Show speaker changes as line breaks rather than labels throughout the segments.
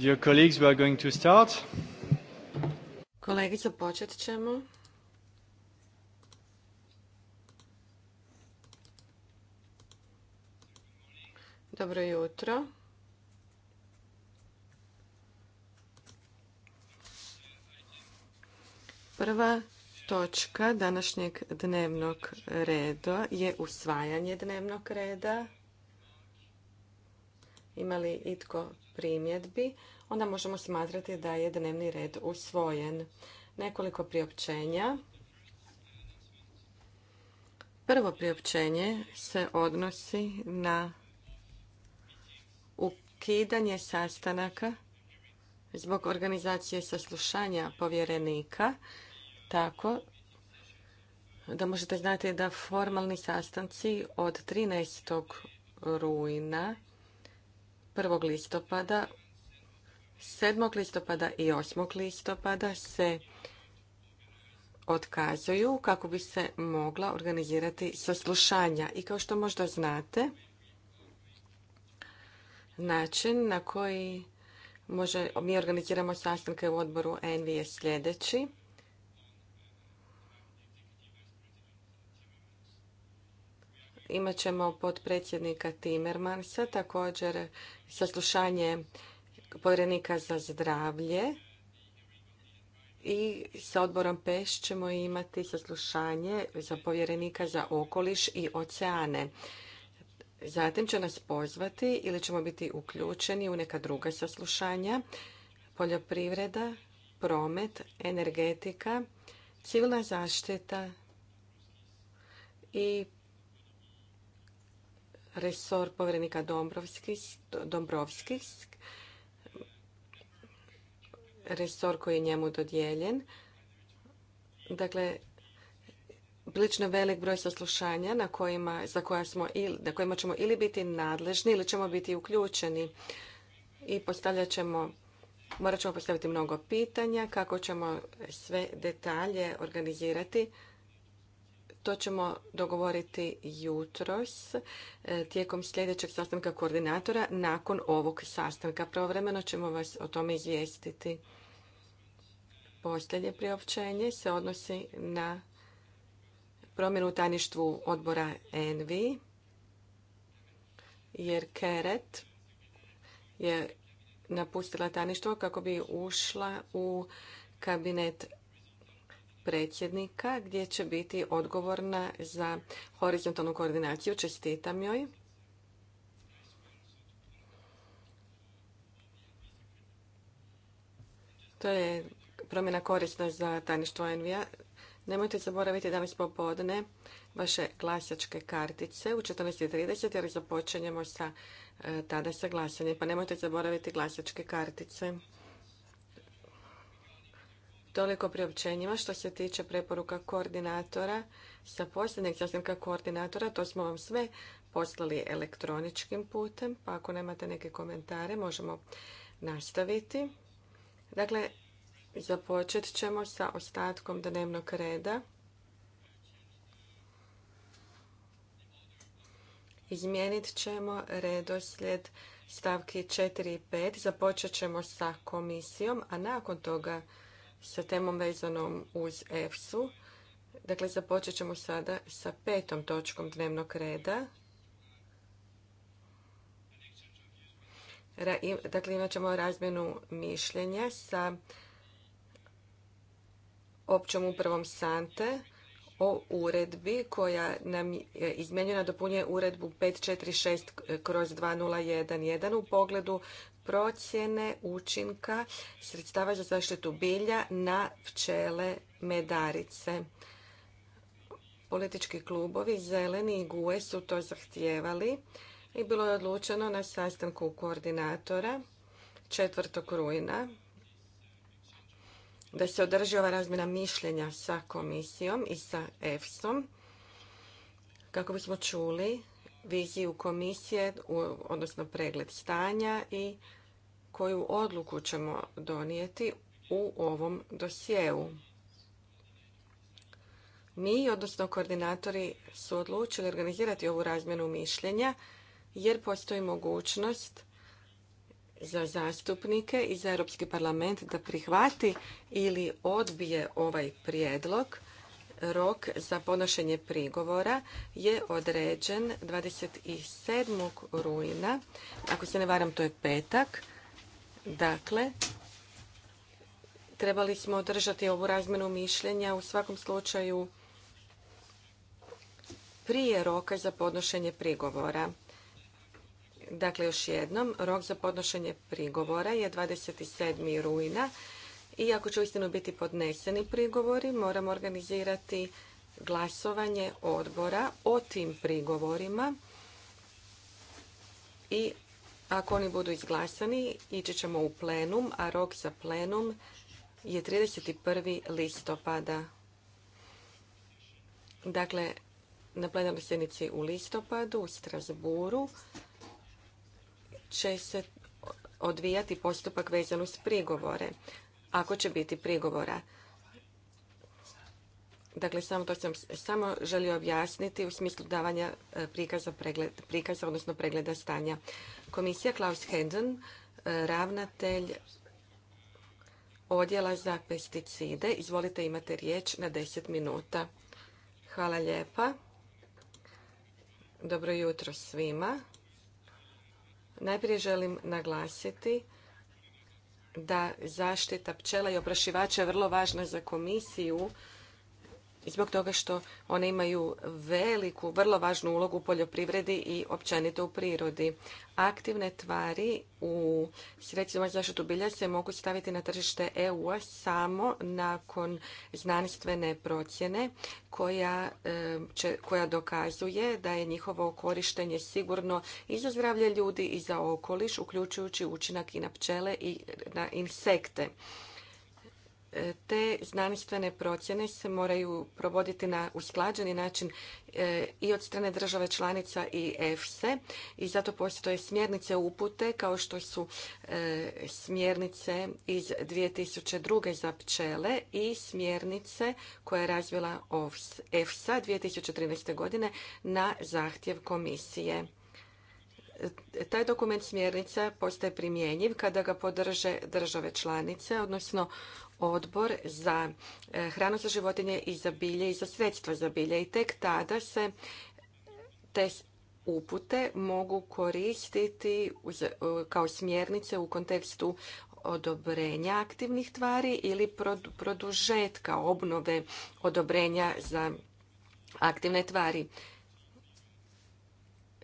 Dear colleagues, we are going to start.
Kolegice, počet ćemo. Dobro jutro. Prva točka današnjeg dnevnog reda je usvajanje dnevnog reda. Imali itko primjedbi, onda možemo smatrati da je dnevni red usvojen. Nekoliko priopćenja. Prvo priopćenje se odnosi na ukidanje sastanaka zbog organizacije saslušanja povjerenika, tako da možete znati da formalni sastanci od 13. rujna 1. listopada, 7. listopada i 8. listopada se otkazuju kako bi se mogla organizirati saslušanja. I kao što možda znate, način na koji mi organiziramo sastanke u odboru ENVI je sljedeći. imat ćemo potpredsjednika Timmermansa, također saslušanje povjerenika za zdravlje i sa odborom PEŠ ćemo imati saslušanje za povjerenika za okoliš i oceane. Zatim će nas pozvati ili ćemo biti uključeni u neka druga saslušanja, poljoprivreda, promet, energetika, civilna zaštita i resor povjerenika Dombrovskih, resor koji je njemu dodijeljen. Dakle, prilično velik broj saslušanja na kojima, za koja smo, na kojima ćemo ili biti nadležni ili ćemo biti uključeni i postavljat ćemo Morat ćemo postaviti mnogo pitanja kako ćemo sve detalje organizirati to ćemo dogovoriti jutros e, tijekom sljedećeg sastanka koordinatora. Nakon ovog sastanka pravovremeno ćemo vas o tome izvijestiti. Posljednje priopćenje se odnosi na promjenu u tajništvu odbora ENVI, jer Keret je napustila tajništvo kako bi ušla u kabinet predsjednika gdje će biti odgovorna za horizontalnu koordinaciju. Čestitam joj. To je promjena korisna za tajništvo Envija. Nemojte zaboraviti danas popodne vaše glasačke kartice u 14.30 jer započinjemo sa, e, tada sa glasanjem. Pa nemojte zaboraviti glasačke kartice. Toliko priopćenjima što se tiče preporuka koordinatora sa posljednjeg sastanka koordinatora, to smo vam sve poslali elektroničkim putem, pa ako nemate neke komentare možemo nastaviti. Dakle, započet ćemo sa ostatkom dnevnog reda. Izmijenit ćemo redoslijed stavki 4 i 5. Započet ćemo sa komisijom, a nakon toga sa temom vezanom uz EFSU. Dakle, započet ćemo sada sa petom točkom dnevnog reda. Dakle, imat ćemo razmjenu mišljenja sa općom upravom Sante o uredbi koja nam izmjenjuje dopunjuje uredbu 546 kroz 2011 u pogledu procjene učinka sredstava za zaštitu bilja na pčele medarice. Politički klubovi Zeleni i GUE su to zahtijevali i bilo je odlučeno na sastanku koordinatora 4. rujna da se održi ova razmjena mišljenja sa komisijom i sa EFSom kako bismo čuli viziju komisije, odnosno pregled stanja i koju odluku ćemo donijeti u ovom dosjeu. Mi, odnosno koordinatori, su odlučili organizirati ovu razmjenu mišljenja jer postoji mogućnost za zastupnike i za Europski parlament da prihvati ili odbije ovaj prijedlog. Rok za podnošenje prigovora je određen 27. rujna. Ako se ne varam, to je petak. Dakle, trebali smo održati ovu razmenu mišljenja u svakom slučaju prije roka za podnošenje prigovora. Dakle, još jednom, rok za podnošenje prigovora je 27. rujna i ako će uistinu biti podneseni prigovori, moramo organizirati glasovanje odbora o tim prigovorima i ako oni budu izglasani, ići ćemo u plenum, a rok za plenum je 31. listopada. Dakle, na plenarnoj sjednici u listopadu u Strasburu će se odvijati postupak vezan uz prigovore, ako će biti prigovora. Dakle, samo to sam samo želio objasniti u smislu davanja e, prikaza, prikaza odnosno pregleda stanja. Komisija Klaus Hedden, e, ravnatelj odjela za pesticide. Izvolite, imate riječ na 10 minuta. Hvala lijepa. Dobro jutro svima. Najprije želim naglasiti da zaštita pčela i oprašivača je vrlo važna za komisiju zbog toga što one imaju veliku, vrlo važnu ulogu u poljoprivredi i općenito u prirodi. Aktivne tvari u sredstvima zaštitu bilja se mogu staviti na tržište EU-a samo nakon znanstvene procjene koja, e, koja dokazuje da je njihovo korištenje sigurno i za zdravlje ljudi i za okoliš, uključujući učinak i na pčele i na insekte. E, te znanstvene procjene se moraju provoditi na usklađeni način e, i od strane države članica i EFSE i zato postoje smjernice upute kao što su e, smjernice iz 2002. za pčele i smjernice koje je razvila EFSA 2013. godine na zahtjev komisije. Taj dokument smjernica postaje primjenjiv kada ga podrže države članice, odnosno odbor za e, hranu za životinje i za bilje i za sredstva za bilje i tek tada se te upute mogu koristiti e, kao smjernice u kontekstu odobrenja aktivnih tvari ili produžetka obnove odobrenja za aktivne tvari.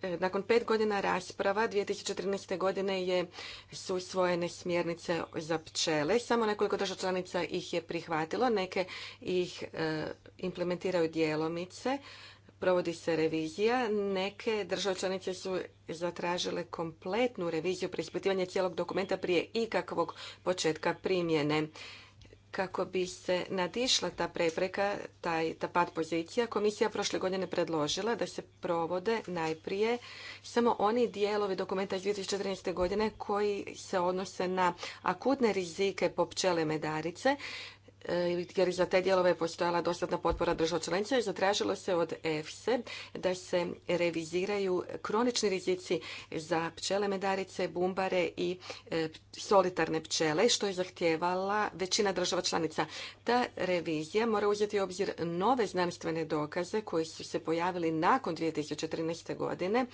E, nakon pet godina rasprava 2013. godine je su usvojene smjernice za pčele. Samo nekoliko država članica ih je prihvatilo, neke ih e, implementiraju dijelomice, provodi se revizija. Neke države članice su zatražile kompletnu reviziju preispitivanje cijelog dokumenta prije ikakvog početka primjene. Kako bi se nadišla ta prepreka, taj, ta pad pozicija, komisija prošle godine predložila da se provode najprije samo oni dijelovi dokumenta iz 2014. godine koji se odnose na akutne rizike po pčele medarice, E, jer za te dijelove je postojala dostatna potpora država članica i zatražilo se od EFSE da se reviziraju kronični rizici za pčele medarice, bumbare i e, solitarne pčele, što je zahtjevala većina država članica. Ta revizija mora uzeti u obzir nove znanstvene dokaze koji su se pojavili nakon 2013. godine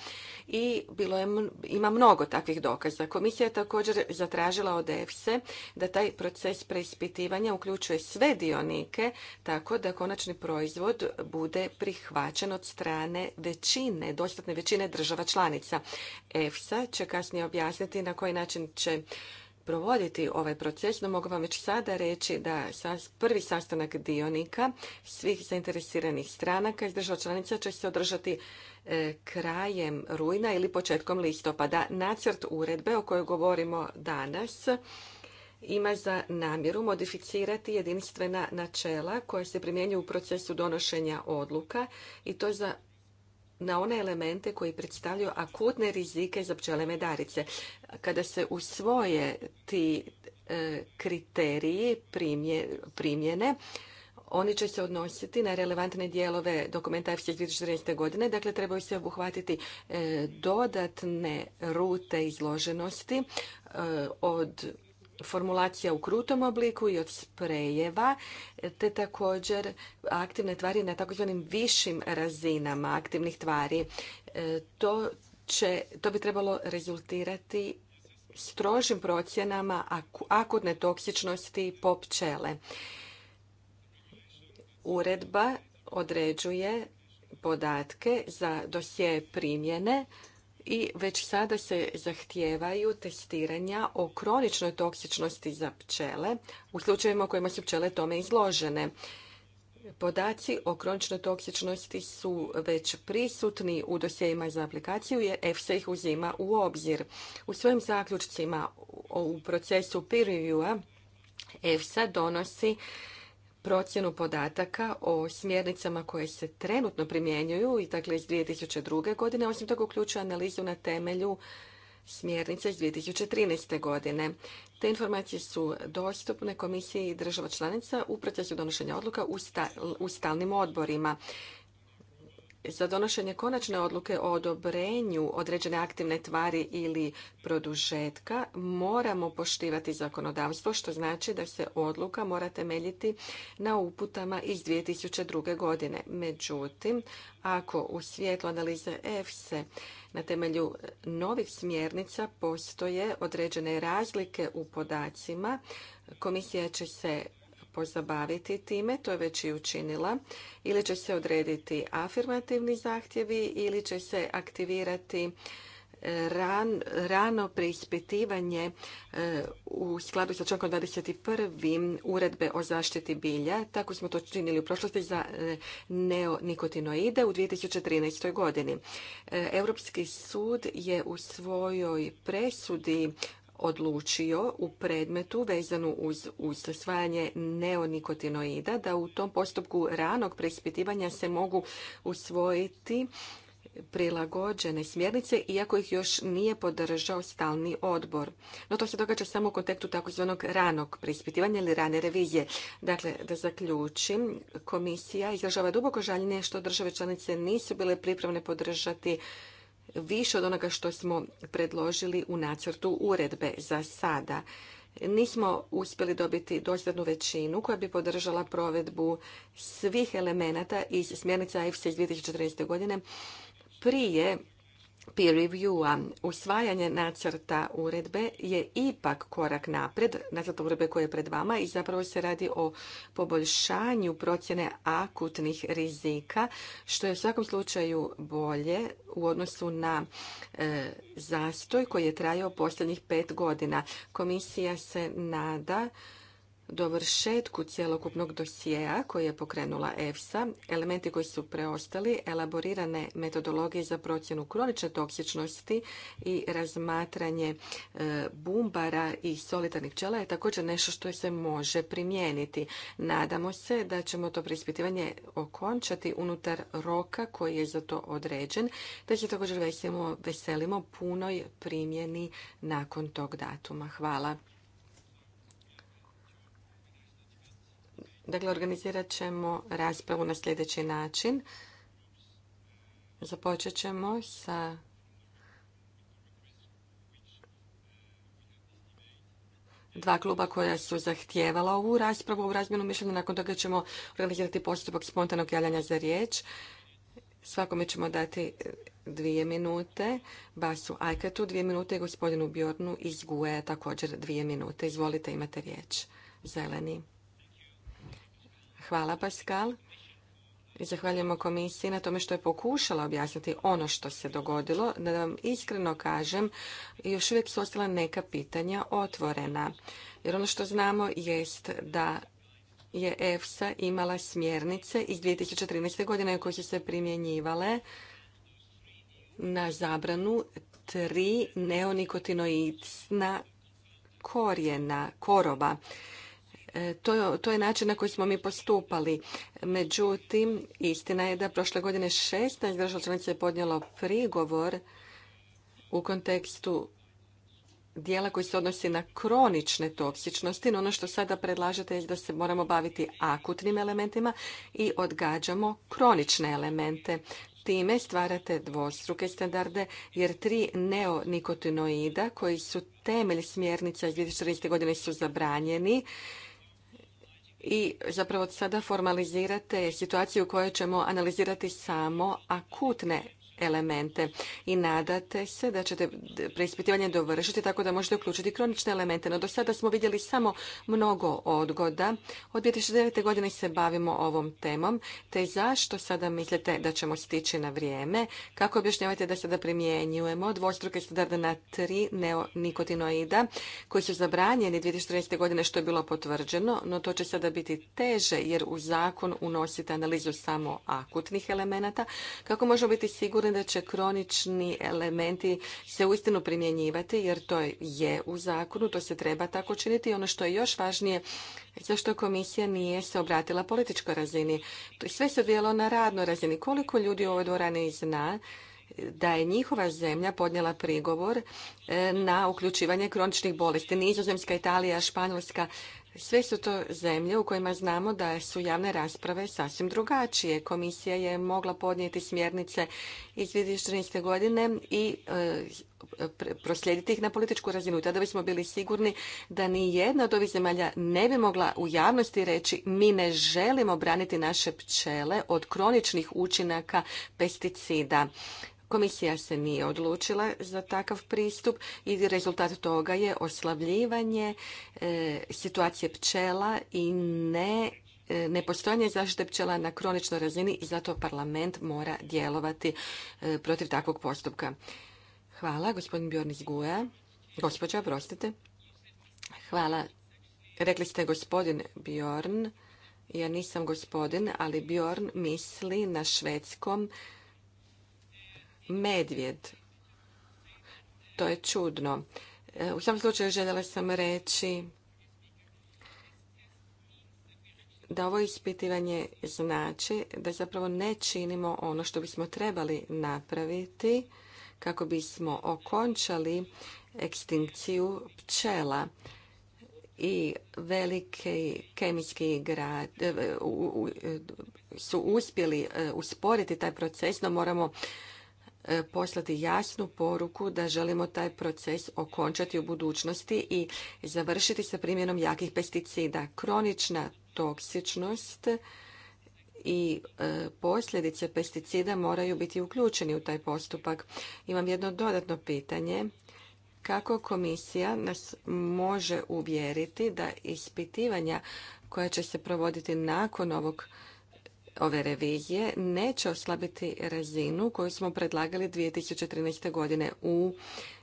i bilo je, ima mnogo takvih dokaza. Komisija je također zatražila od EFSE da taj proces preispitivanja uključuje sve dionike tako da konačni proizvod bude prihvaćen od strane većine, dostatne većine država članica. EFSA će kasnije objasniti na koji način će provoditi ovaj proces, no mogu vam već sada reći da prvi sastanak dionika svih zainteresiranih stranaka iz država članica će se održati e, krajem rujna ili početkom listopada. Nacrt uredbe o kojoj govorimo danas ima za namjeru modificirati jedinstvena načela koja se primjenjuju u procesu donošenja odluka i to za na one elemente koji predstavljaju akutne rizike za pčele medarice. Kada se usvoje ti e, kriteriji primjene, oni će se odnositi na relevantne dijelove dokumenta 2014. godine, dakle trebaju se obuhvatiti e, dodatne rute izloženosti e, od formulacija u krutom obliku i od sprejeva, te također aktivne tvari na takozvanim višim razinama aktivnih tvari. E, to, to bi trebalo rezultirati strožim procjenama akutne toksičnosti po pčele. Uredba određuje podatke za dosje primjene i već sada se zahtijevaju testiranja o kroničnoj toksičnosti za pčele u slučajevima u kojima su pčele tome izložene. Podaci o kroničnoj toksičnosti su već prisutni u dosjejima za aplikaciju jer EFSA ih uzima u obzir. U svojim zaključcima u procesu peer review-a EFSA donosi procjenu podataka o smjernicama koje se trenutno primjenjuju i dakle iz 2002. godine, osim toga uključuje analizu na temelju smjernica iz 2013. godine. Te informacije su dostupne komisiji država članica u procesu donošenja odluka u stalnim odborima za donošenje konačne odluke o odobrenju određene aktivne tvari ili produžetka moramo poštivati zakonodavstvo, što znači da se odluka mora temeljiti na uputama iz 2002. godine. Međutim, ako u svijetlu analize EFSE na temelju novih smjernica postoje određene razlike u podacima, komisija će se pozabaviti time, to je već i učinila, ili će se odrediti afirmativni zahtjevi ili će se aktivirati e, rano preispitivanje e, u skladu sa člankom 21. uredbe o zaštiti bilja. Tako smo to činili u prošlosti za e, neonikotinoide u 2013. godini. Europski sud je u svojoj presudi odlučio u predmetu vezanu uz usvajanje neonikotinoida da u tom postupku ranog preispitivanja se mogu usvojiti prilagođene smjernice, iako ih još nije podržao stalni odbor. No to se događa samo u kontekstu takozvanog ranog preispitivanja ili rane revizije. Dakle, da zaključim, komisija izražava duboko žaljenje što države članice nisu bile pripravne podržati više od onoga što smo predložili u nacrtu uredbe za sada. Nismo uspjeli dobiti dostatnu većinu koja bi podržala provedbu svih elemenata iz smjernica IFSA iz 2014. godine prije peer review-a. Usvajanje nacrta uredbe je ipak korak napred, nacrta uredbe koje je pred vama i zapravo se radi o poboljšanju procjene akutnih rizika, što je u svakom slučaju bolje u odnosu na e, zastoj koji je trajao posljednjih pet godina. Komisija se nada dovršetku cjelokupnog dosjea koji je pokrenula EFSA, elementi koji su preostali, elaborirane metodologije za procjenu kronične toksičnosti i razmatranje e, bumbara i solitarnih pčela je također nešto što se može primijeniti. Nadamo se da ćemo to preispitivanje okončati unutar roka koji je za to određen, da se također veselimo punoj primjeni nakon tog datuma. Hvala. Dakle, organizirat ćemo raspravu na sljedeći način. Započet ćemo sa dva kluba koja su zahtijevala ovu raspravu u razmjenu mišljenja. Nakon toga ćemo organizirati postupak spontanog javljanja za riječ. Svakome ćemo dati dvije minute, Basu Ajkatu dvije minute i gospodinu Bjornu iz Guje također dvije minute. Izvolite, imate riječ. Zeleni. Hvala, Pascal. I zahvaljujemo komisiji na tome što je pokušala objasniti ono što se dogodilo. Da vam iskreno kažem, još uvijek su ostala neka pitanja otvorena. Jer ono što znamo jest da je EFSA imala smjernice iz 2013. godine koje su se primjenjivale na zabranu tri neonikotinoidna korijena, koroba. E, to, to je način na koji smo mi postupali. Međutim, istina je da prošle godine 16 država članica je podnijelo prigovor u kontekstu dijela koji se odnosi na kronične toksičnosti, no ono što sada predlažete je da se moramo baviti akutnim elementima i odgađamo kronične elemente. Time stvarate dvostruke standarde jer tri neonikotinoida koji su temelj smjernica iz 2014. godine su zabranjeni i zapravo sada formalizirate situaciju u ćemo analizirati samo akutne elemente i nadate se da ćete preispitivanje dovršiti tako da možete uključiti kronične elemente. No do sada smo vidjeli samo mnogo odgoda. Od 2009. godine se bavimo ovom temom, te zašto sada mislite da ćemo stići na vrijeme? Kako objašnjavate da sada primjenjujemo dvostruke standarde na tri neonikotinoida koji su zabranjeni 2014. godine što je bilo potvrđeno, no to će sada biti teže jer u zakon unosite analizu samo akutnih elemenata. Kako možemo biti sigurni da će kronični elementi se uistinu primjenjivati jer to je u zakonu, to se treba tako činiti. I ono što je još važnije, zašto komisija nije se obratila političkoj razini. Sve se odvijelo na radnoj razini. Koliko ljudi u ovoj dvorani zna da je njihova zemlja podnijela prigovor e, na uključivanje kroničnih bolesti. Nizozemska, Italija, Španjolska, sve su to zemlje u kojima znamo da su javne rasprave sasvim drugačije. Komisija je mogla podnijeti smjernice iz 2014. godine i e, proslijediti ih na političku razinu. Tada bismo bili sigurni da ni jedna od ovih zemalja ne bi mogla u javnosti reći mi ne želimo braniti naše pčele od kroničnih učinaka pesticida. Komisija se nije odlučila za takav pristup i rezultat toga je oslavljivanje e, situacije pčela i ne e, nepostojanje zaštite pčela na kroničnoj razini i zato parlament mora djelovati e, protiv takvog postupka. Hvala, gospodin Bjorn Guja. Gospođa, prostite. Hvala. Rekli ste gospodin Bjorn. Ja nisam gospodin, ali Bjorn misli na švedskom medvjed. To je čudno. E, u svakom slučaju željela sam reći da ovo ispitivanje znači da zapravo ne činimo ono što bismo trebali napraviti kako bismo okončali ekstinkciju pčela i veliki kemijski grad e, e, su uspjeli usporiti taj proces, no moramo E, poslati jasnu poruku da želimo taj proces okončati u budućnosti i završiti sa primjenom jakih pesticida. Kronična toksičnost i e, posljedice pesticida moraju biti uključeni u taj postupak. Imam jedno dodatno pitanje. Kako komisija nas može uvjeriti da ispitivanja koja će se provoditi nakon ovog ove revizije neće oslabiti razinu koju smo predlagali 2013. godine u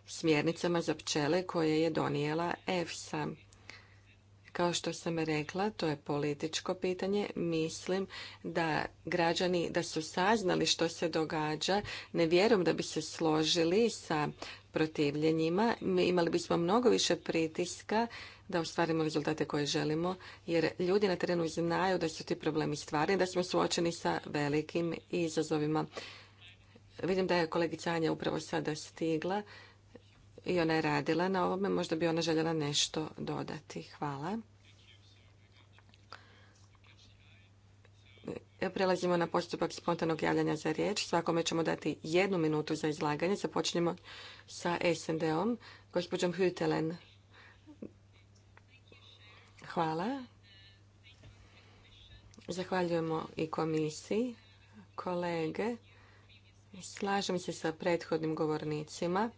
smjernicama za pčele koje je donijela EFSA. Kao što sam rekla, to je političko pitanje. Mislim da građani da su saznali što se događa, ne vjerujem da bi se složili sa protivljenjima. Imali bismo mnogo više pritiska da ostvarimo rezultate koje želimo, jer ljudi na terenu znaju da su ti problemi stvarni, da smo suočeni sa velikim izazovima. Vidim da je kolegica Anja upravo sada stigla i ona je radila na ovome. Možda bi ona željela nešto dodati. Hvala. E, prelazimo na postupak spontanog javljanja za riječ. Svakome ćemo dati jednu minutu za izlaganje. Započnemo sa SND-om. Gospođom Hütelen. Hvala. Zahvaljujemo i komisiji, kolege. Slažem se sa prethodnim govornicima.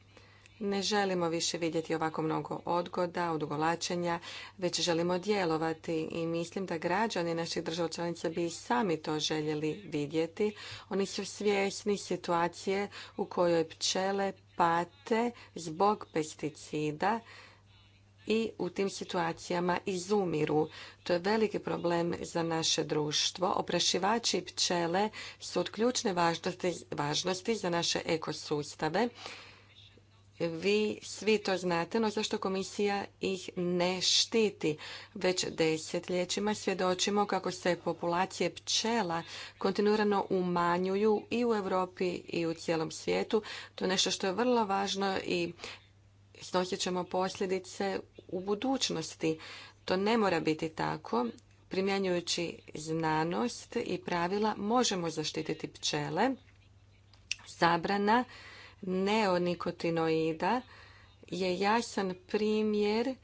Ne želimo više vidjeti ovako mnogo odgoda, odgolačenja, već želimo djelovati i mislim da građani naših država članica bi sami to željeli vidjeti. Oni su svjesni situacije u kojoj pčele pate zbog pesticida i u tim situacijama izumiru. To je veliki problem za naše društvo. Oprašivači pčele su od ključne važnosti za naše ekosustave. Vi svi to znate, no zašto komisija ih ne štiti? Već desetljećima svjedočimo kako se populacije pčela kontinuirano umanjuju i u Europi i u cijelom svijetu. To je nešto što je vrlo važno i snosit ćemo posljedice u budućnosti. To ne mora biti tako. Primjenjujući znanost i pravila možemo zaštititi pčele. Zabrana neonikotinoida je jasan primjer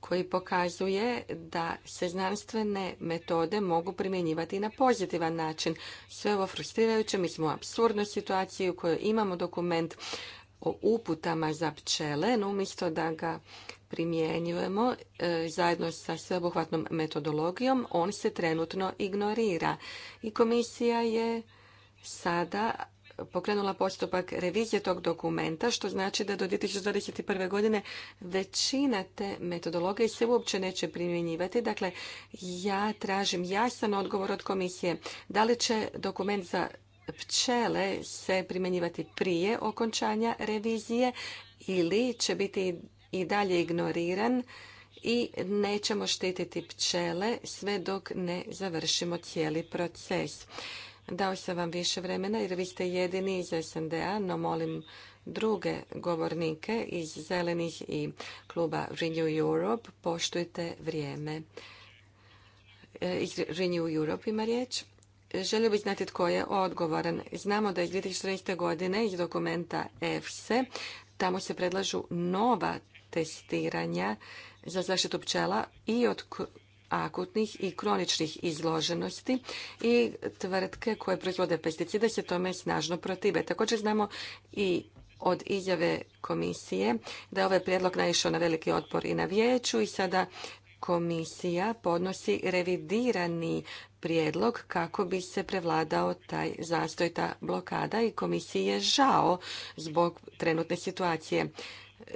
koji pokazuje da se znanstvene metode mogu primjenjivati na pozitivan način. Sve ovo frustrirajuće, mi smo u absurdnoj situaciji u kojoj imamo dokument o uputama za pčele, no umjesto da ga primjenjujemo e, zajedno sa sveobuhvatnom metodologijom, on se trenutno ignorira. I komisija je sada pokrenula postupak revizije tog dokumenta, što znači da do 2021. godine većina te metodologije se uopće neće primjenjivati. Dakle, ja tražim jasan odgovor od komisije. Da li će dokument za pčele se primjenjivati prije okončanja revizije ili će biti i dalje ignoriran i nećemo štititi pčele sve dok ne završimo cijeli proces. Dao sam vam više vremena jer vi ste jedini iz SND-a, no molim druge govornike iz Zelenih i kluba Renew Europe, poštujte vrijeme. E, Renew Europe ima riječ. Želio bih znati tko je odgovoran. Znamo da iz 2014. godine iz dokumenta EFSE tamo se predlažu nova testiranja za zaštitu pčela i od akutnih i kroničnih izloženosti i tvrtke koje proizvode pesticide se tome snažno protive. Također znamo i od izjave komisije da je ovaj prijedlog naišao na veliki otpor i na vijeću i sada komisija podnosi revidirani prijedlog kako bi se prevladao taj zastoj, ta blokada i komisiji je žao zbog trenutne situacije.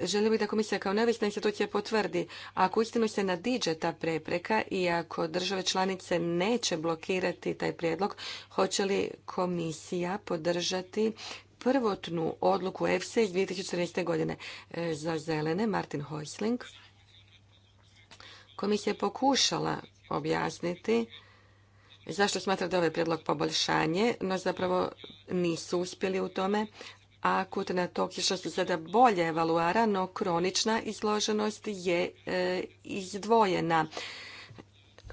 Želim bih da komisija kao neovisna institucija potvrdi ako istinu se nadiđe ta prepreka i ako države članice neće blokirati taj prijedlog, hoće li komisija podržati prvotnu odluku EFSA iz 2014. godine e, za zelene Martin Hojsling? Komisija je pokušala objasniti zašto smatra da je ovaj prijedlog poboljšanje, no zapravo nisu uspjeli u tome. a Akutna toksičnost je sada bolje evaluara, no kronična izloženost je e, izdvojena.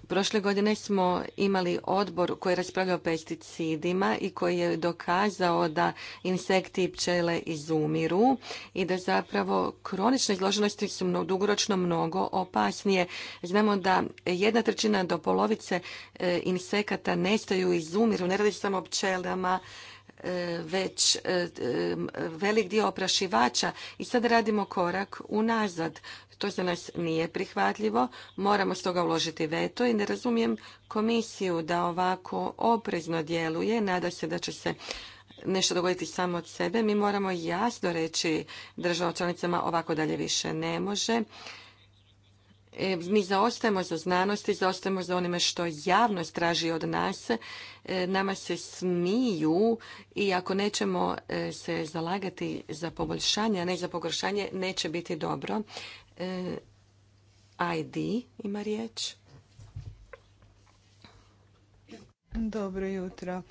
Prošle godine smo imali odbor koji je raspravljao pesticidima i koji je dokazao da insekti i pčele izumiru i da zapravo kronične izloženosti su dugoročno mnogo opasnije. Znamo da jedna trećina do polovice e, insekata nestaju, izumiru, ne radi samo o pčelama, E, već e, e, velik dio oprašivača i sad radimo korak unazad. To za nas nije prihvatljivo, moramo stoga uložiti veto i ne razumijem komisiju da ovako oprezno djeluje, nada se da će se nešto dogoditi samo od sebe. Mi moramo jasno reći državama članicama ovako dalje više ne može. E, mi zaostajemo za znanosti, zaostajemo za onime što javnost traži od nas. E, nama se smiju i ako nećemo e, se zalagati za poboljšanje, a ne za pogoršanje, neće biti dobro. ID ima riječ.
Dobro jutro.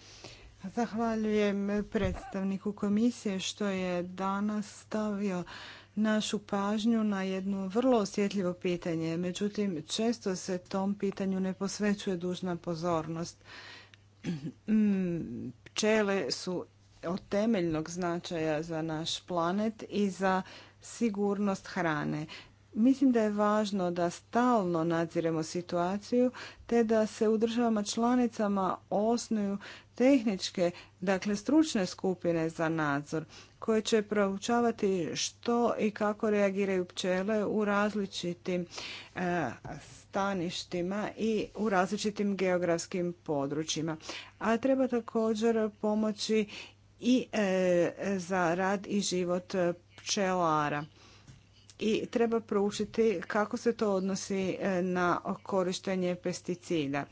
Zahvaljujem predstavniku komisije što je danas stavio našu pažnju na jedno vrlo osjetljivo pitanje, međutim često se tom pitanju ne posvećuje dužna pozornost. Mm, pčele su od temeljnog značaja za naš planet i za sigurnost hrane. Mislim da je važno da stalno nadziremo situaciju te da se u državama članicama osnuju tehničke, dakle stručne skupine za nadzor koje će proučavati što i kako reagiraju pčele u različitim e, staništima i u različitim geografskim područjima. A treba također pomoći i e, za rad i život pčelara i treba proučiti kako se to odnosi e, na korištenje pesticida.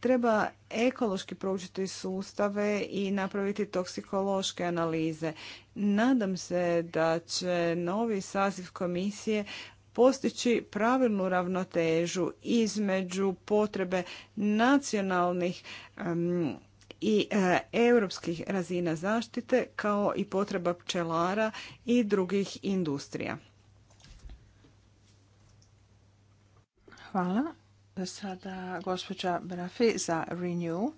Treba ekološki proučiti sustave i napraviti toksikološke analize. Nadam se da će novi saziv komisije postići pravilnu ravnotežu između potrebe nacionalnih i e, europskih razina zaštite kao i potreba pčelara i drugih industrija.
Hvala. Sada gospođa Brafi za Renew.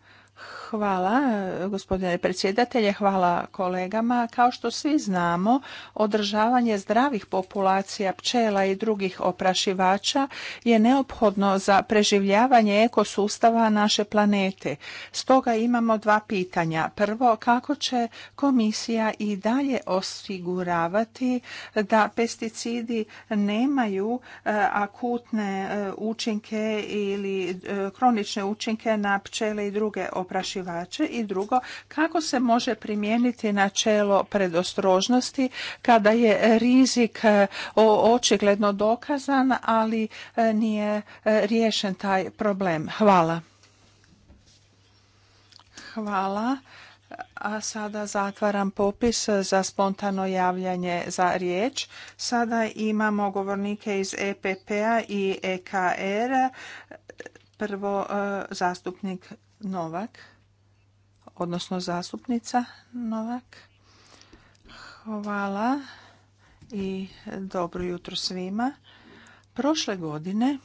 Hvala eh, gospodine predsjedatelje, hvala kolegama. Kao što svi znamo, održavanje zdravih populacija pčela i drugih oprašivača je neophodno za preživljavanje ekosustava naše planete. Stoga imamo dva pitanja. Prvo, kako će komisija i dalje osiguravati da pesticidi nemaju eh, akutne eh, učinke ili kronične učinke na pčele i druge oprašivače? oprašivače i drugo kako se može primijeniti načelo predostrožnosti kada je rizik e, očigledno dokazan, ali e, nije e, riješen taj problem. Hvala. Hvala. A sada zatvaram popis za spontano javljanje za riječ. Sada imamo govornike iz EPP-a i EKR. Prvo zastupnik Novak, odnosno zastupnica Novak. Hvala i dobro jutro svima. Prošle godine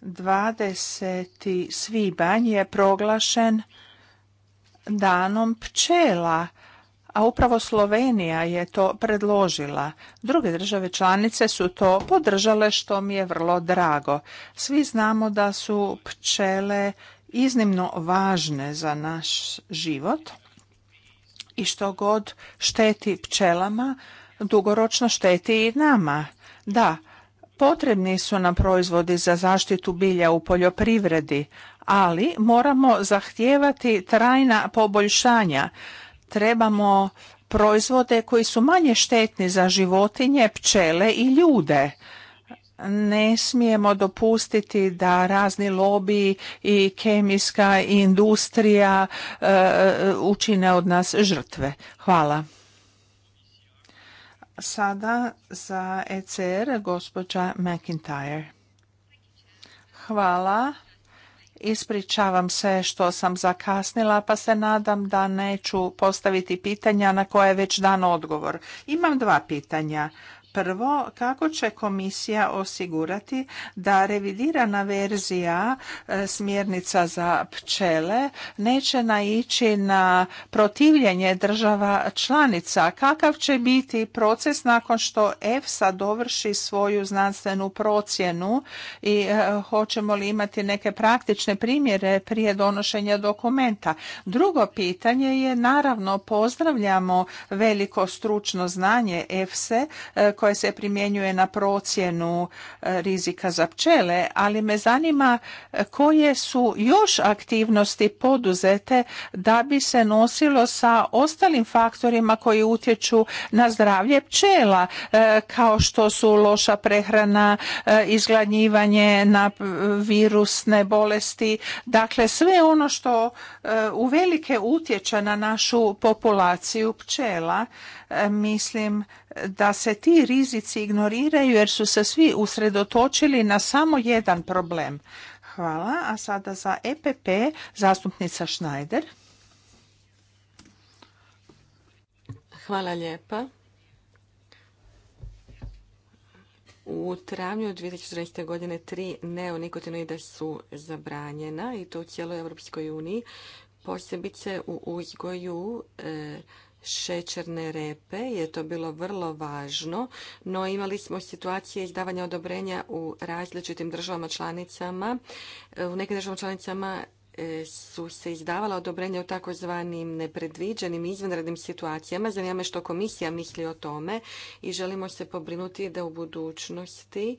20. svibanj je proglašen danom pčela a upravo Slovenija je to predložila. Druge države članice su to podržale što mi je vrlo drago. Svi znamo da su pčele iznimno važne za naš život i što god šteti pčelama, dugoročno šteti i nama. Da, potrebni su nam proizvodi za zaštitu bilja u poljoprivredi, ali moramo zahtijevati trajna poboljšanja trebamo proizvode koji su manje štetni za životinje, pčele i ljude. Ne smijemo dopustiti da razni lobi i kemijska industrija e, učine od nas žrtve. Hvala. Sada za ECR gospođa McIntyre. Hvala. Ispričavam se što sam zakasnila, pa se nadam da neću postaviti pitanja na koje je već dan odgovor. Imam dva pitanja. Prvo, kako će komisija osigurati da revidirana verzija e, smjernica za pčele neće naići na protivljenje država članica? Kakav će biti proces nakon što EFSA dovrši svoju znanstvenu procjenu i e, hoćemo li imati neke praktične primjere prije donošenja dokumenta? Drugo pitanje je naravno pozdravljamo veliko stručno znanje EFSE e, koje se primjenjuje na procjenu e, rizika za pčele, ali me zanima e, koje su još aktivnosti poduzete da bi se nosilo sa ostalim faktorima koji utječu na zdravlje pčela, e, kao što su loša prehrana, izgladnjivanje na virusne bolesti, dakle sve ono što uvelike utječe na našu populaciju pčela mislim da se ti rizici ignoriraju jer su se svi usredotočili na samo jedan problem. Hvala. A sada za EPP zastupnica Schneider.
Hvala lijepa. U travnju 2014. godine tri neonikotinoide su zabranjena i to u cijeloj Europskoj uniji, posebice u uzgoju e, šećerne repe je to bilo vrlo važno, no imali smo situacije izdavanja odobrenja u različitim državama članicama. E, u nekim državama članicama e, su se izdavala odobrenja u takozvanim nepredviđenim izvanrednim situacijama. Zanima me što komisija misli o tome i želimo se pobrinuti da u budućnosti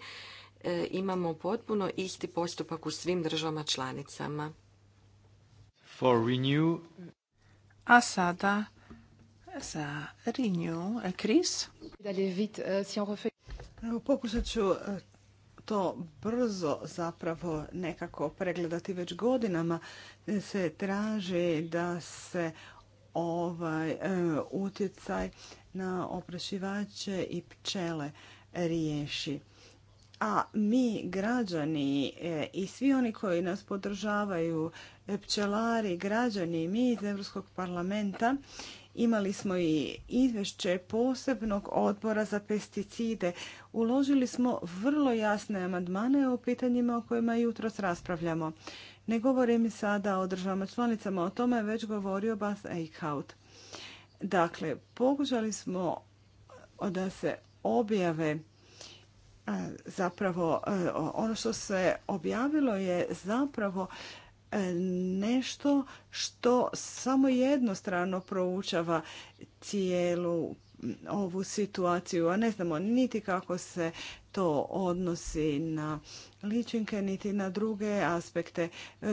e, imamo potpuno isti postupak u svim državama članicama.
A sada za Rinju.
Kris? Eh, eh, Evo, pokušat ću eh, to brzo zapravo nekako pregledati već godinama se traži da se ovaj utjecaj na oprašivače i pčele riješi. A mi građani i svi oni koji nas podržavaju, pčelari, građani i mi iz Europskog parlamenta Imali smo i izvješće posebnog odbora za pesticide. Uložili smo vrlo jasne amandmane o pitanjima o kojima jutros raspravljamo. Ne mi sada o državama članicama, o tome je već govorio Bas Eichhout. Dakle, pokušali smo da se objave zapravo ono što se objavilo je zapravo E, nešto što samo jednostrano proučava cijelu ovu situaciju, a ne znamo niti kako se to odnosi na ličinke, niti na druge aspekte.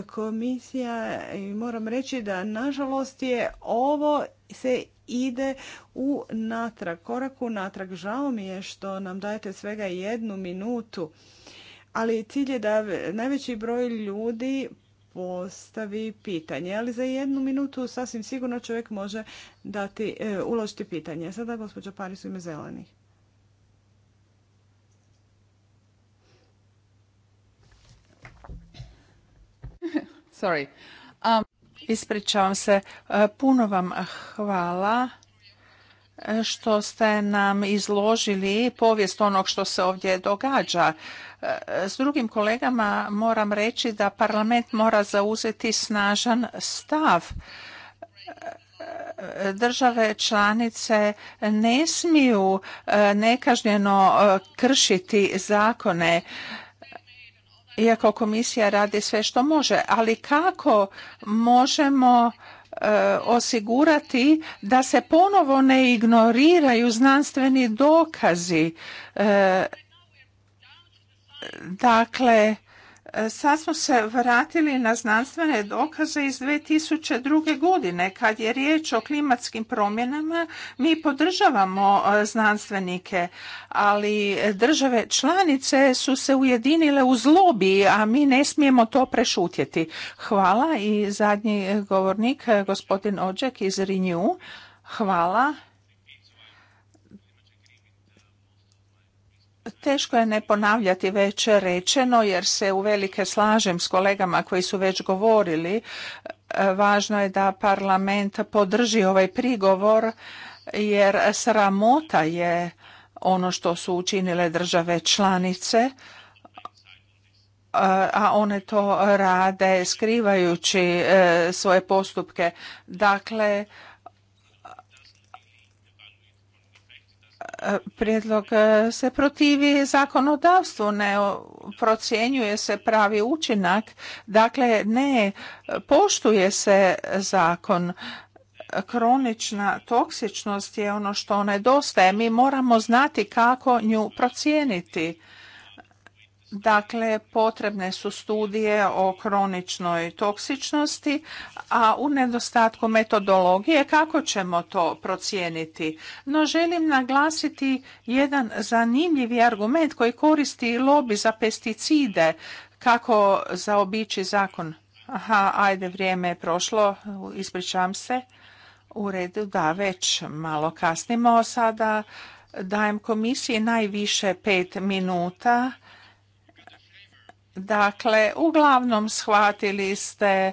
Komisija, moram reći da nažalost je ovo se ide u natrag, korak u natrag. Žao mi je što nam dajete svega jednu minutu, ali cilj je da najveći broj ljudi postavi pitanje, ali za jednu minutu sasvim sigurno čovjek može dati, e, uložiti pitanje. Sada gospođa Paris u ime zelenih. Sorry. Um...
Ispričavam se. E, puno vam hvala što ste nam izložili povijest onog što se ovdje događa. E, s drugim kolegama moram reći da parlament mora zauzeti snažan stav e, države članice ne smiju e, nekažnjeno kršiti zakone iako komisija radi sve što može ali kako možemo E, osigurati da se ponovo ne ignoriraju znanstveni dokazi. E, dakle, E, sad smo se vratili na znanstvene dokaze iz 2002. godine. Kad je riječ o klimatskim promjenama, mi podržavamo e, znanstvenike, ali države članice su se ujedinile u zlobi, a mi ne smijemo to prešutjeti. Hvala i zadnji govornik, e, gospodin Ođek iz Renew. Hvala. Teško je ne ponavljati već rečeno jer se u velike slažem s kolegama koji su već govorili. E, važno je da parlament podrži ovaj prigovor jer sramota je ono što su učinile države članice e, a one to rade skrivajući e, svoje postupke. Dakle, prijedlog e, se protivi zakonodavstvu, ne procjenjuje se pravi učinak, dakle ne poštuje se zakon. Kronična toksičnost je ono što nedostaje. Mi moramo znati kako nju procijeniti. Dakle, potrebne su studije o kroničnoj toksičnosti, a u nedostatku metodologije kako ćemo to procijeniti. No želim naglasiti jedan zanimljivi argument koji koristi lobby za pesticide kako zaobići zakon. Aha, ajde, vrijeme je prošlo, ispričavam se. U redu, da, već malo kasnimo. Sada dajem komisiji najviše pet minuta Dakle, uglavnom shvatili ste e,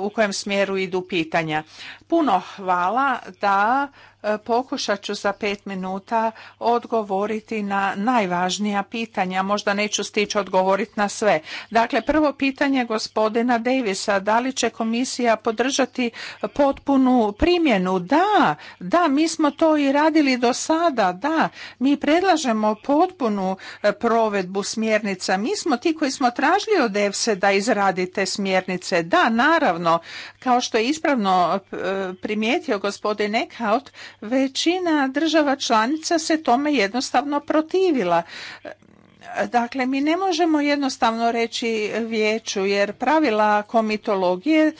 u kojem smjeru idu pitanja. Puno hvala da E, pokušat ću za pet minuta odgovoriti na najvažnija pitanja. Možda neću stići odgovoriti na sve. Dakle, prvo pitanje gospodina Davisa, da li će komisija podržati potpunu primjenu? Da, da, mi smo to i radili do sada, da. Mi predlažemo potpunu e, provedbu smjernica. Mi smo ti koji smo tražili od EFSE da izradi te smjernice. Da, naravno, kao što je ispravno e, primijetio gospodin Eckhout, Većina država članica se tome jednostavno protivila. Dakle, mi ne možemo jednostavno reći vijeću jer pravila komitologije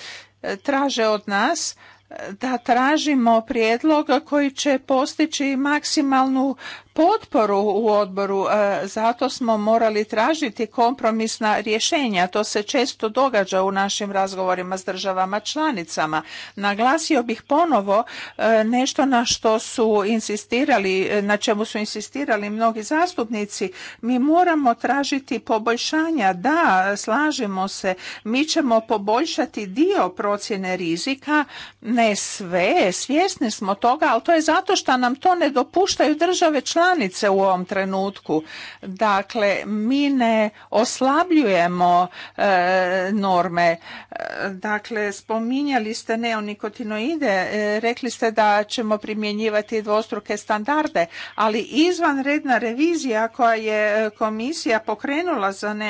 e, traže od nas e, da tražimo prijedlog koji će postići maksimalnu potporu u odboru, e, zato smo morali tražiti kompromisna rješenja. To se često događa u našim razgovorima s državama članicama. Naglasio bih ponovo e, nešto na što su insistirali, e, na čemu su insistirali mnogi zastupnici. Mi moramo tražiti poboljšanja. Da, slažemo se. Mi ćemo poboljšati dio procjene rizika, ne sve, svjesni smo toga, ali to je zato što nam to ne dopuštaju države članice članice u ovom trenutku. Dakle, mi ne oslabljujemo e, norme. E, dakle, spominjali ste neonikotinoide, e, rekli ste da ćemo primjenjivati dvostruke standarde, ali izvanredna revizija koja je komisija pokrenula za neonikotinoide,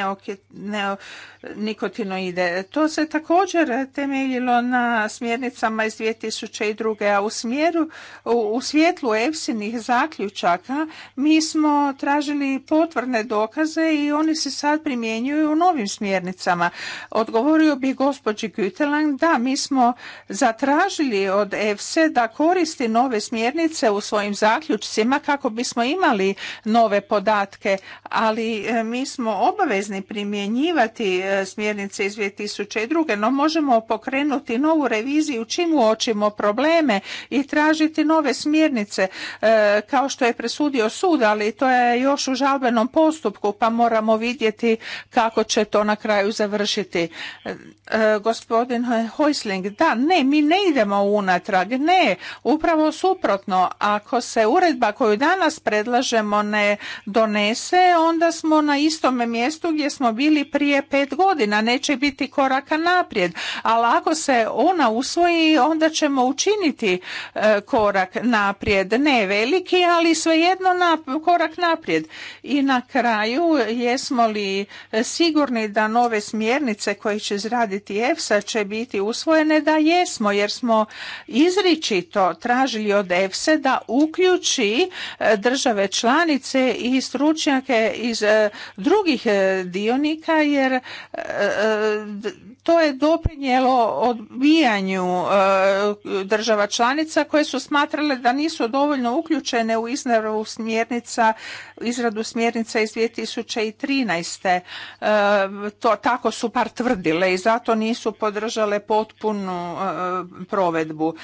nikotinoide. To se također temeljilo na smjernicama iz 2002. A u, smjeru, u svjetlu EFSInih zaključaka mi smo tražili potvrne dokaze i oni se sad primjenjuju u novim smjernicama. Odgovorio bi gospođi Gütelang da mi smo zatražili od EFSE da koristi nove smjernice u svojim zaključcima kako bismo imali nove podatke, ali e, mi smo obavezni primjenjivati smjernice iz 2002. No možemo pokrenuti novu reviziju čim uočimo probleme i tražiti nove smjernice e, kao što je presudio sud, ali to je još u žalbenom postupku pa moramo vidjeti kako će to na kraju završiti. E, gospodin Hojsling, da, ne, mi ne idemo unatrag, ne, upravo suprotno. Ako se uredba koju danas predlažemo ne donese, onda smo na istome mjestu gdje smo bili prije pet godina, neće biti koraka naprijed, ali ako se ona usvoji, onda ćemo učiniti e, korak naprijed. Ne veliki, ali svejedno na, korak naprijed. I na kraju, jesmo li sigurni da nove smjernice koje će izraditi EFSA će biti usvojene? Da jesmo, jer smo izričito tražili od EFSA da uključi e, države članice i stručnjake iz e, drugih dionika jer to je doprinijelo odbijanju e, država članica koje su smatrale da nisu dovoljno uključene u izradu smjernica, izradu smjernica iz 2013. E, to tako su par tvrdile i zato nisu podržale potpunu e, provedbu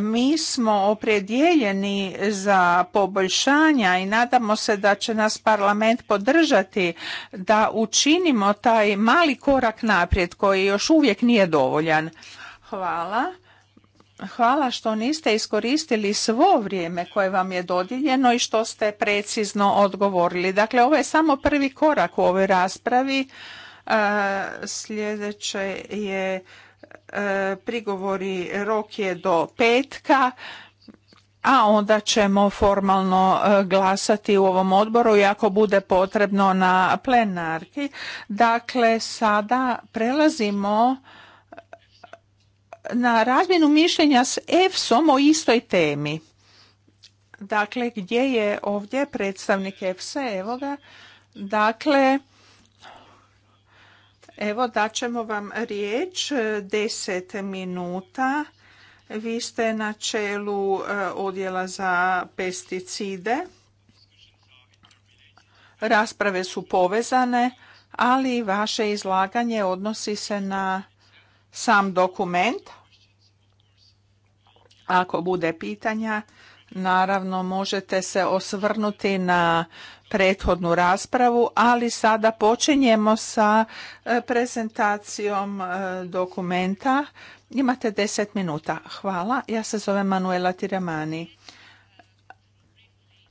mi smo opredijeljeni za poboljšanja i nadamo se da će nas parlament podržati da učinimo taj mali korak naprijed koji još uvijek nije dovoljan. Hvala. Hvala što niste iskoristili svo vrijeme koje vam je dodijeljeno i što ste precizno odgovorili. Dakle, ovo je samo prvi korak u ovoj raspravi. Sljedeće je E, prigovori rok je do petka a onda ćemo formalno e, glasati u ovom odboru i ako bude potrebno na plenarki. Dakle, sada prelazimo e, na razmjenu mišljenja s EFSOM o istoj temi. Dakle, gdje je ovdje predstavnik EFSA? Evo ga. Dakle, Evo daćemo vam riječ, 10 e, minuta. Vi ste na čelu e, odjela za pesticide. Rasprave su povezane, ali vaše izlaganje odnosi se na sam dokument. Ako bude pitanja, Naravno, možete se osvrnuti na prethodnu raspravu, ali sada počinjemo sa e, prezentacijom e, dokumenta. Imate 10 minuta. Hvala. Ja se zovem Manuela Tiramani.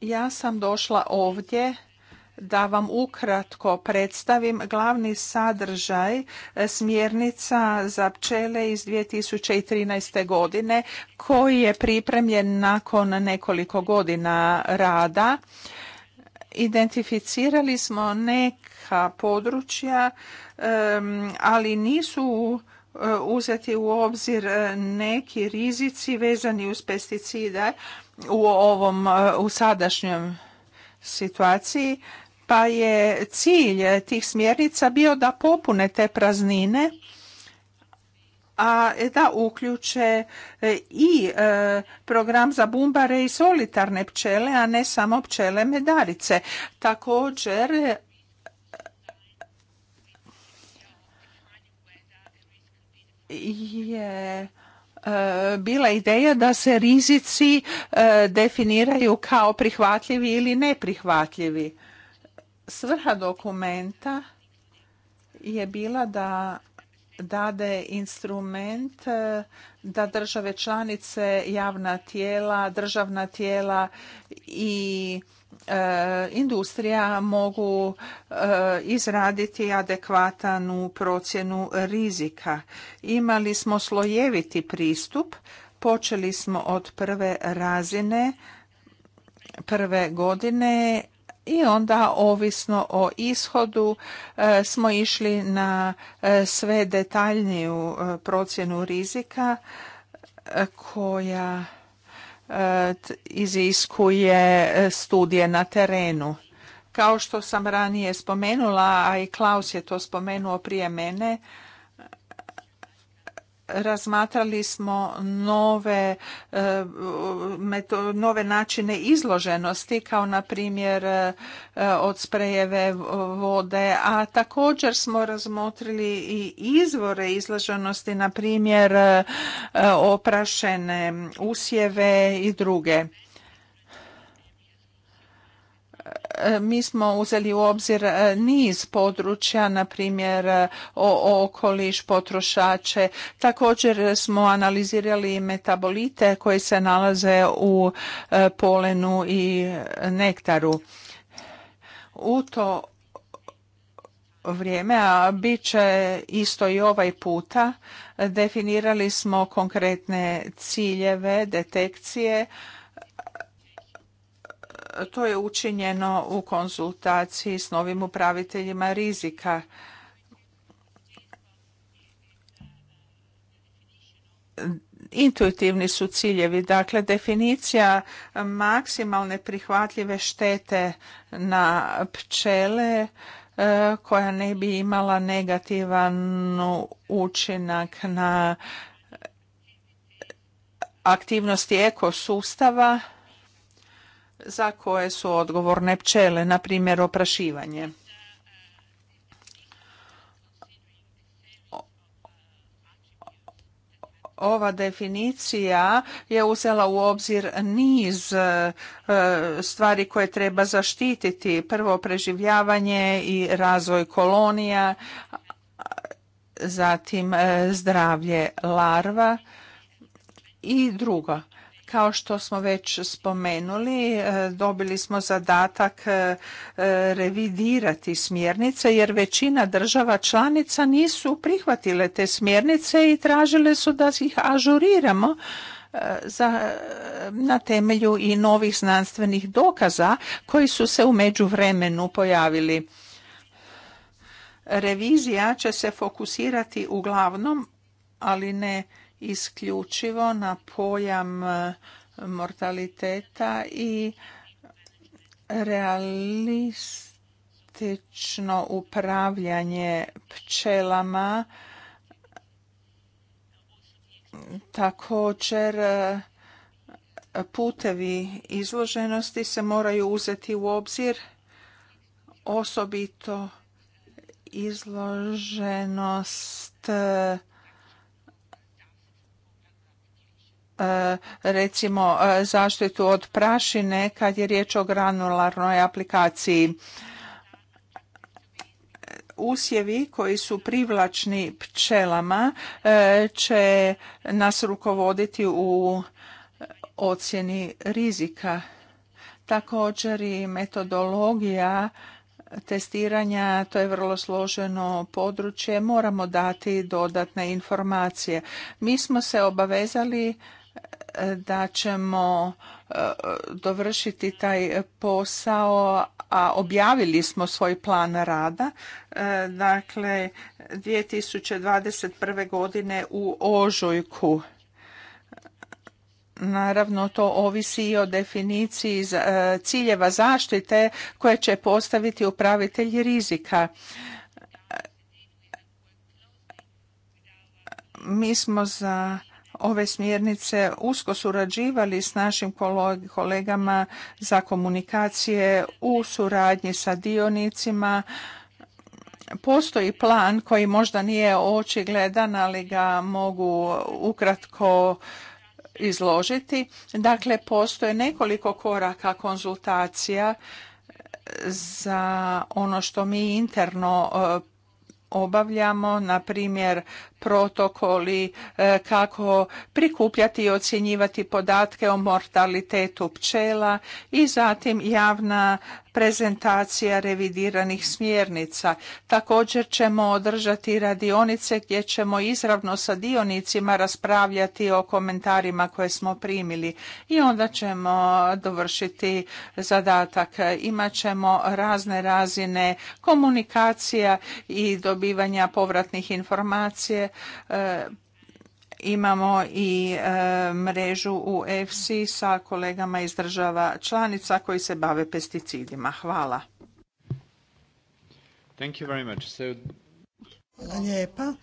Ja sam došla ovdje da vam ukratko predstavim glavni sadržaj e, smjernica za pčele iz 2013. godine koji je pripremljen nakon nekoliko godina rada. Identificirali smo neka područja, ali nisu e, uzeti u obzir e, neki rizici vezani uz pesticide u ovom u sadašnjem situaciji pa je cilj tih smjernica bio da popune te praznine, a da uključe i e, program za bumbare i solitarne pčele, a ne samo pčele medarice. Također, e, je e, bila ideja da se rizici definiraju kao prihvatljivi ili neprihvatljivi svrha dokumenta je bila da dade instrument e, da države članice, javna tijela, državna tijela i e, industrija mogu e, izraditi adekvatanu procjenu rizika. Imali smo slojeviti pristup, počeli smo od prve razine prve godine i onda ovisno o ishodu e, smo išli na e, sve detaljniju e, procjenu rizika koja iziskuje studije na terenu. Kao što sam ranije spomenula, a i Klaus je to spomenuo prije mene, razmatrali smo nove, e, nove načine izloženosti kao na primjer e, od sprejeve vode, a također smo razmotrili i izvore izloženosti, na primjer e, oprašene usjeve i druge. E, mi smo uzeli u obzir e, niz područja, na primjer e, o okoliš, potrošače. Također smo analizirali metabolite koji se nalaze u polenu i nektaru. U to vrijeme, a bit će isto i ovaj puta. Definirali smo konkretne ciljeve, detekcije, to je učinjeno u konzultaciji s novim upraviteljima rizika. Intuitivni su ciljevi, dakle definicija maksimalne prihvatljive štete na pčele e, koja ne bi imala negativan učinak na aktivnosti ekosustava za koje su odgovorne pčele, na primjer oprašivanje. ova definicija je uzela u obzir niz e, stvari koje treba zaštititi. Prvo preživljavanje i razvoj kolonija, zatim e, zdravlje larva i druga. Kao što smo već spomenuli, e, dobili smo zadatak e, e, revidirati smjernice jer većina država članica nisu prihvatile te smjernice i tražile su da ih ažuriramo za, na temelju i novih znanstvenih dokaza koji su se u međuvremenu pojavili. Revizija će se fokusirati uglavnom, ali ne isključivo na pojam eh, mortaliteta i realistično upravljanje pčelama također eh, putevi izloženosti se moraju uzeti u obzir osobito izloženost eh, E, recimo e, zaštitu od prašine kad je riječ o granularnoj aplikaciji usjevi koji su privlačni pčelama e, će nas rukovoditi u ocjeni rizika. Također i metodologija testiranja, to je vrlo složeno područje, moramo dati dodatne informacije. Mi smo se obavezali da ćemo e, dovršiti taj posao, a objavili smo svoj plan rada. E, dakle, 2021. godine u ožujku. Naravno, to ovisi i o definiciji e, ciljeva zaštite koje će postaviti upravitelji rizika. Mi smo za ove smjernice usko surađivali s našim kolegama za komunikacije u suradnji sa dionicima. Postoji plan koji možda nije očigledan, ali ga mogu ukratko izložiti. Dakle, postoje nekoliko koraka konzultacija za ono što mi interno e, obavljamo, na primjer protokoli e, kako prikupljati i ocjenjivati podatke o mortalitetu pčela i zatim javna prezentacija revidiranih smjernica. Također ćemo održati radionice gdje ćemo izravno sa dionicima raspravljati o komentarima koje smo primili i onda ćemo dovršiti zadatak. Imaćemo razne razine komunikacija i dobivanja povratnih informacije E, imamo i e, mrežu u EFSI sa kolegama iz država članica koji se bave pesticidima. Hvala.
Thank you very much. So... Hvala lijepa.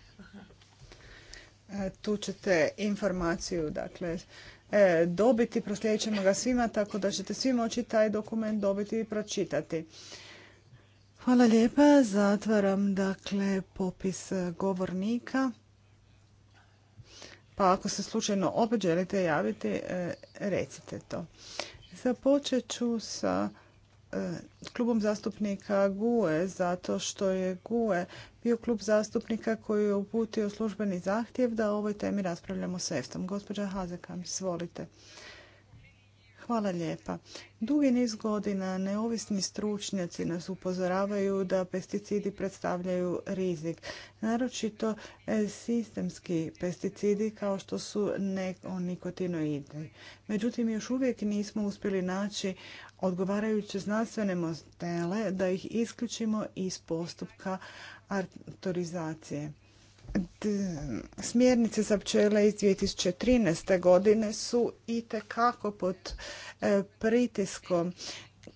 E, tu ćete informaciju dakle, dobiti, proslijedit ćemo ga svima, tako da ćete svi moći taj dokument dobiti i pročitati. Hvala lijepa, zatvaram dakle popis govornika pa ako se slučajno opet želite javiti, e, recite to. Započet ću sa e, klubom zastupnika GUE, zato što je GUE bio klub zastupnika koji je uputio službeni zahtjev da o ovoj temi raspravljamo s EFTA-om. Gospođa Hazekam, izvolite. Hvala lijepa. Dugi niz godina neovisni stručnjaci nas upozoravaju da pesticidi predstavljaju rizik. Naročito e, sistemski pesticidi kao što su nikotinoidni. Međutim, još uvijek nismo uspjeli naći odgovarajuće znanstvene modele da ih isključimo iz postupka autorizacije smjernice za pčele iz 2013. godine su i tekako pod e, pritiskom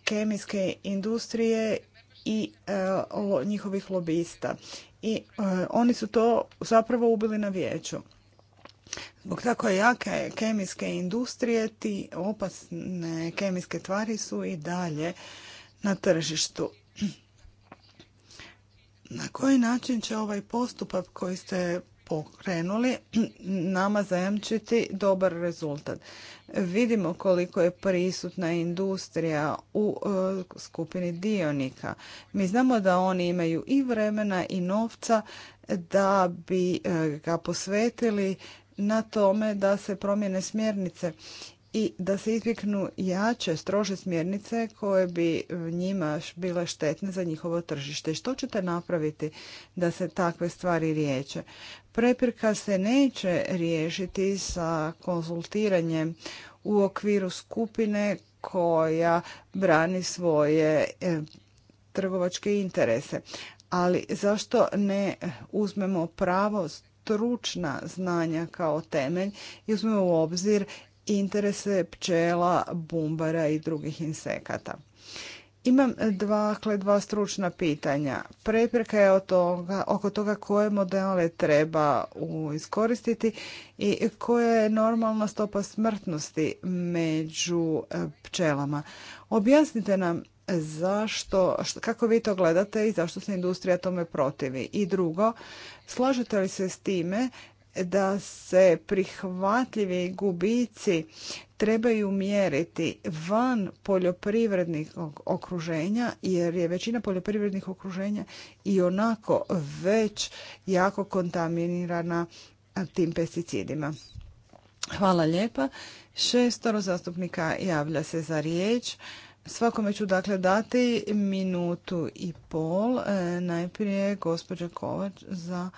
kemijske industrije i e, njihovih lobista. I e, oni su to zapravo ubili na vijeću. Zbog tako jake kemijske industrije ti opasne kemijske tvari su i dalje na tržištu. Na koji način će ovaj postupak koji ste pokrenuli nama zajamčiti dobar rezultat? Vidimo koliko je prisutna industrija u e, skupini dionika. Mi znamo da oni imaju i vremena i novca da bi e, ga posvetili na tome da se promjene smjernice i da se izbjegnu jače, strože smjernice koje bi e, njima bile štetne za njihovo tržište. Što ćete napraviti da se takve stvari riječe? Prepirka se neće riješiti sa konzultiranjem u okviru skupine koja brani svoje e, trgovačke interese. Ali zašto ne uzmemo pravo stručna znanja kao temelj i uzmemo u obzir interese pčela, bumbara i drugih insekata. Imam dakle dva stručna pitanja. Prepreka je oko toga koje modele treba iskoristiti i koja je normalna stopa smrtnosti među e, pčelama. Objasnite nam zašto, kako vi to gledate i zašto se industrija tome protivi. I drugo, slažete li se s time da se prihvatljivi gubici trebaju mjeriti van poljoprivrednih okruženja jer je većina poljoprivrednih okruženja i onako već jako kontaminirana tim pesticidima. Hvala lijepa. Šestoro zastupnika javlja se za riječ. Svakome ću dakle dati minutu i pol. E, najprije gospođa Kovač za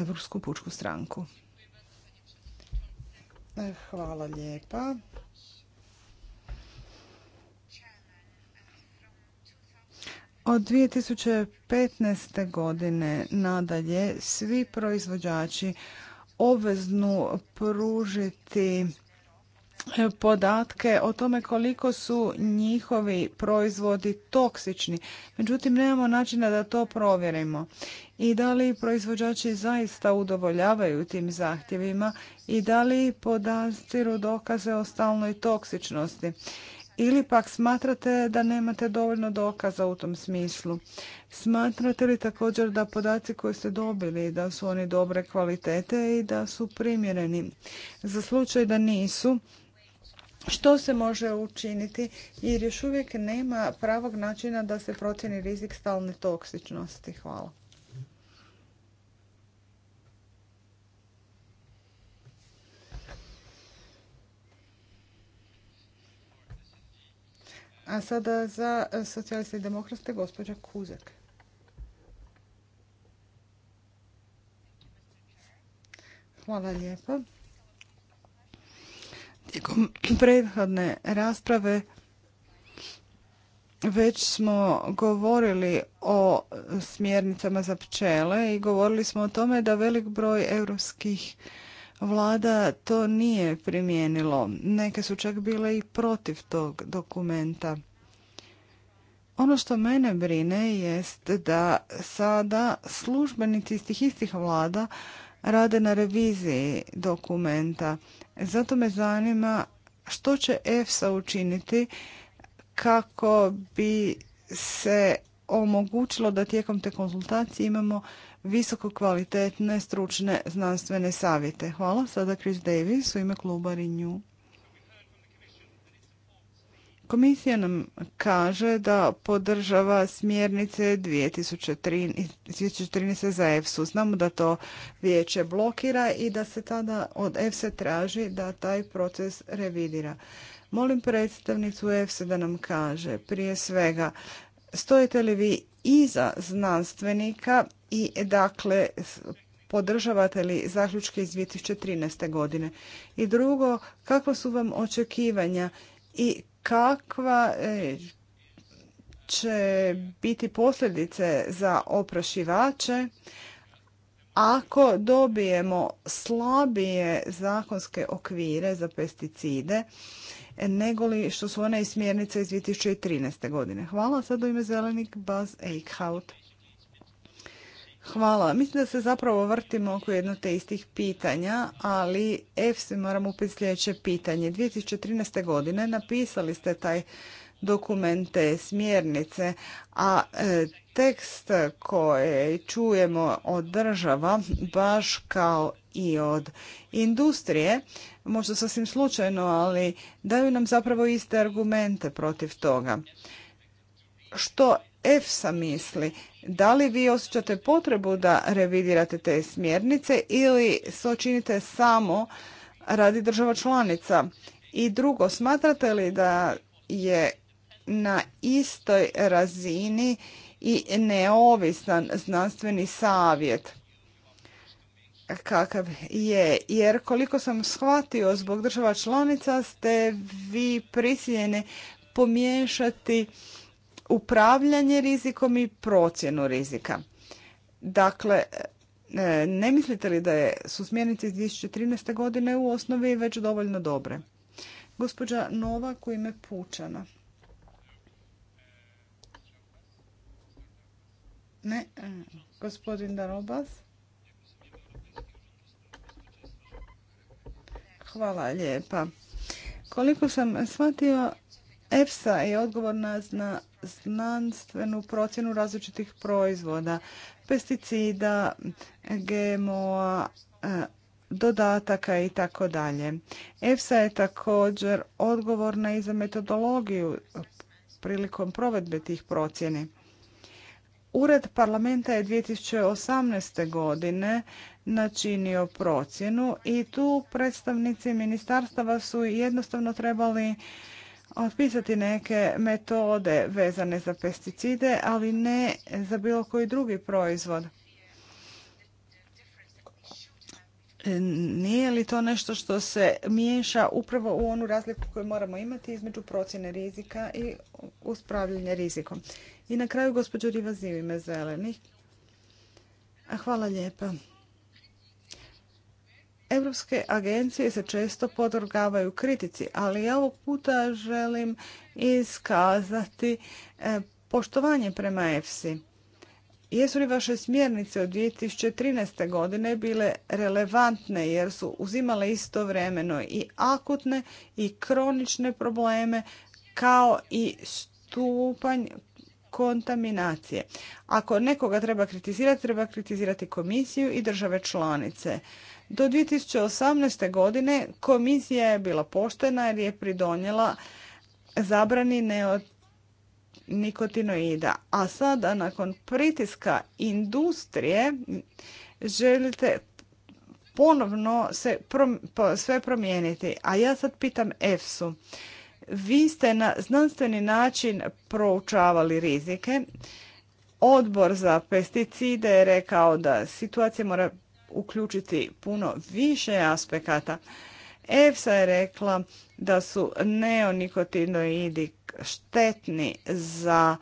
europsku pučku stranku. E, hvala lijepa. Od 2015. godine nadalje svi proizvođači obveznu pružiti e, podatke o tome koliko su njihovi proizvodi toksični. Međutim, nemamo načina da to provjerimo i da li proizvođači zaista udovoljavaju tim zahtjevima i da li podastiru dokaze o stalnoj toksičnosti ili pak smatrate da nemate dovoljno dokaza u tom smislu. Smatrate li također da podaci koje ste dobili da su oni dobre kvalitete i da su primjereni? Za slučaj da nisu, što se može učiniti jer još uvijek nema pravog načina da se procjeni rizik stalne toksičnosti? Hvala. A sada za e, socijaliste i demokraste gospođa Kuzak. Hvala lijepa. Tijekom prethodne rasprave već smo govorili o smjernicama za pčele i govorili smo o tome da velik broj europskih vlada to nije primijenilo. Neke su čak bile i protiv tog dokumenta. Ono što mene brine jest da sada službenici iz tih istih vlada rade na reviziji dokumenta. Zato me zanima što će EFSA učiniti kako bi se omogućilo da tijekom te konzultacije imamo visoko kvalitetne stručne znanstvene savjete. Hvala. Sada Chris Davis u ime kluba Renew. Komisija nam kaže da podržava smjernice 2013, za EFSU. Znamo da to vijeće blokira i da se tada od EFSE traži da taj proces revidira. Molim predstavnicu EFSE da nam kaže prije svega Stojite li vi iza znanstvenika i dakle podržavate li zaključke iz 2013. godine? I drugo, kakva su vam očekivanja i kakva e, će biti posljedice za oprašivače ako dobijemo slabije zakonske okvire za pesticide negoli što su one i smjernice iz 2013. godine. Hvala. Sad u ime zelenik Buzz Eichhout. Hvala. Mislim da se zapravo vrtimo oko jedno te istih pitanja, ali F se moram upiti sljedeće pitanje. 2013. godine napisali ste taj dokumente, smjernice, a e, tekst koje čujemo od država, baš kao i od industrije, možda sasvim slučajno, ali daju nam zapravo iste argumente protiv toga. Što EFSA misli? Da li vi osjećate potrebu da revidirate te smjernice ili to činite samo radi država članica? I drugo, smatrate li da je na istoj razini i neovisan znanstveni savjet kakav je. Jer koliko sam shvatio zbog država članica ste vi prisiljeni pomiješati upravljanje rizikom i procjenu rizika. Dakle, e, ne mislite li da je, su smjernice iz 2013. godine u osnovi već dovoljno dobre? Gospođa Nova u ime Pučana. Ne, e, gospodin Darobas. Hvala lijepa. Koliko sam shvatio, EFSA je odgovorna na znanstvenu procjenu različitih proizvoda, pesticida, GMO-a, e, dodataka i tako dalje. EFSA je također odgovorna i za metodologiju prilikom provedbe tih procjeni. Ured parlamenta je 2018. godine načinio procjenu i tu predstavnici ministarstava su jednostavno trebali otpisati neke metode vezane za pesticide, ali ne za bilo koji drugi proizvod. Nije li to nešto što se miješa upravo u onu razliku koju moramo imati između procjene rizika i uspravljanja rizikom? I na kraju gospođo zivi me zeleni. zelenih. Hvala lijepa. Europske agencije se često podrgavaju kritici, ali ja ovog puta želim iskazati e, poštovanje prema EFSI. Jesu li vaše smjernice od 2013. godine bile relevantne jer su uzimale istovremeno i akutne i kronične probleme kao i stupanj kontaminacije. Ako nekoga treba kritizirati, treba kritizirati komisiju i države članice. Do 2018. godine komisija je bila poštena jer je pridonjela zabrani neod nikotinoida. A sada nakon pritiska industrije želite ponovno se sve promijeniti. A ja sad pitam EFSU. Vi ste na znanstveni način proučavali rizike. Odbor za pesticide je rekao da situacija mora uključiti puno više aspekata. EFSA je rekla da su neonikotinoidi štetni za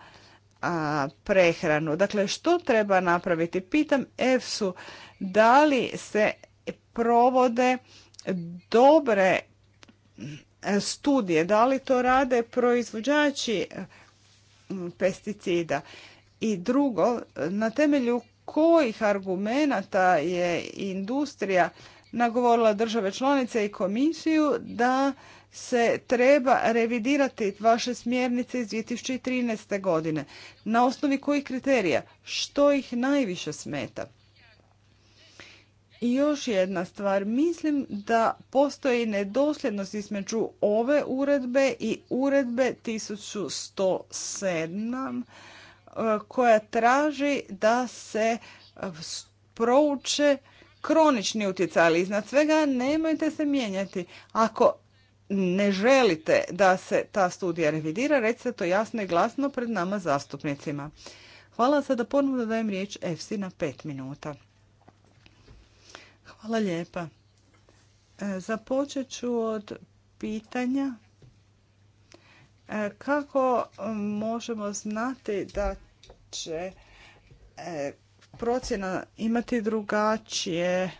prehranu. Dakle, što treba napraviti? Pitam EFSU da li se provode dobre studije, da li to rade proizvođači e, pesticida. I drugo, na temelju kojih argumenata je industrija nagovorila države članice i komisiju da se treba revidirati vaše smjernice iz 2013. godine. Na osnovi kojih kriterija? Što ih najviše smeta? I još jedna stvar. Mislim da postoji nedosljednost između ove uredbe i uredbe 1107 e, koja traži da se e, prouče kronični utjecaj, ali iznad svega nemojte se mijenjati. Ako ne želite da se ta studija revidira, recite to jasno i glasno pred nama zastupnicima. Hvala sada ponovno dajem riječ EFSI na pet minuta. Hvala lijepa. E, započet ću od pitanja e, kako e, možemo znati da će procjena imati drugačije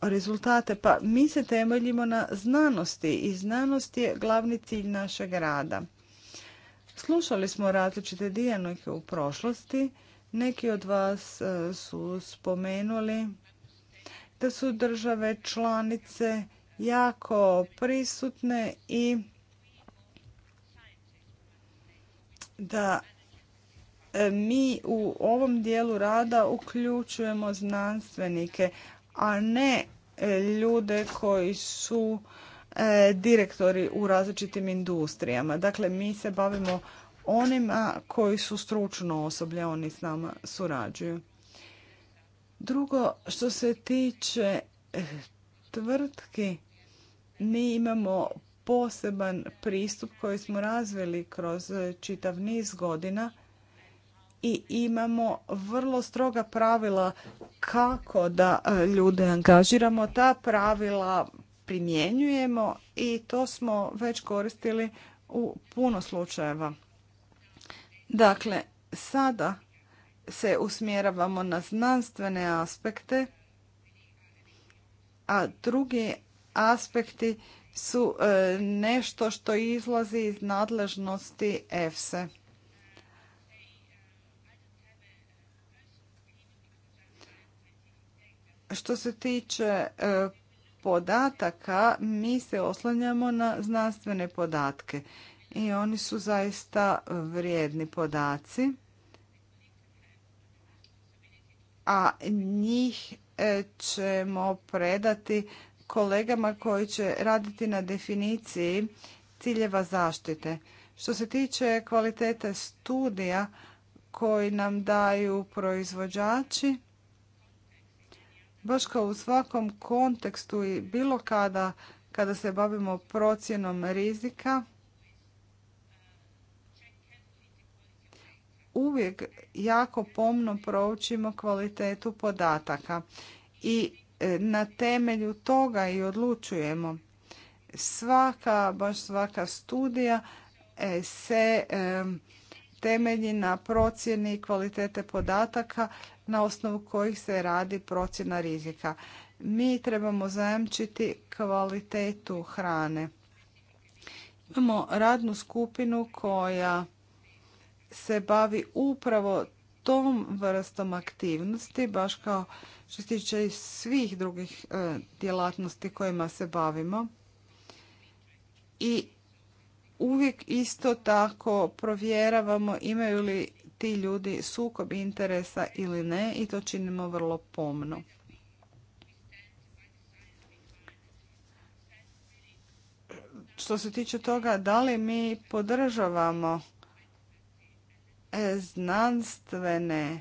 rezultate? Pa mi se temeljimo na znanosti i znanost je glavni cilj našeg rada. Slušali smo različite dijanike u prošlosti neki od vas e, su spomenuli da su države članice jako prisutne i da e, mi u ovom dijelu rada uključujemo znanstvenike, a ne e, ljude koji su direktori u različitim industrijama. Dakle, mi se bavimo onima koji su stručno osoblje, oni s nama surađuju. Drugo, što se tiče eh, tvrtki, mi imamo poseban pristup koji smo razvili kroz eh, čitav niz godina i imamo vrlo stroga pravila kako da eh, ljude angažiramo. Ta pravila primjenjujemo i to smo već koristili u puno slučajeva. Dakle, sada se usmjeravamo na znanstvene aspekte, a drugi aspekti su e, nešto što izlazi iz nadležnosti EFSE. Što se tiče e, podataka, mi se oslanjamo na znanstvene podatke i oni su zaista vrijedni podaci. A njih e, ćemo predati kolegama koji će raditi na definiciji ciljeva zaštite. Što se tiče kvalitete studija koji nam daju proizvođači, baš kao u svakom kontekstu i bilo kada kada se bavimo procjenom rizika, uvijek jako pomno proučimo kvalitetu podataka i e, na temelju toga i odlučujemo. Svaka, baš svaka studija e, se e, temelji na procjeni kvalitete podataka na osnovu kojih se radi procjena rizika. Mi trebamo zajamčiti kvalitetu hrane. Imamo radnu skupinu koja se bavi upravo tom vrstom aktivnosti, baš kao što se tiče i svih drugih e, djelatnosti kojima se bavimo. I uvijek isto tako provjeravamo imaju li ti ljudi sukob interesa ili ne i to činimo vrlo pomno. Što se tiče toga da li mi podržavamo znanstvene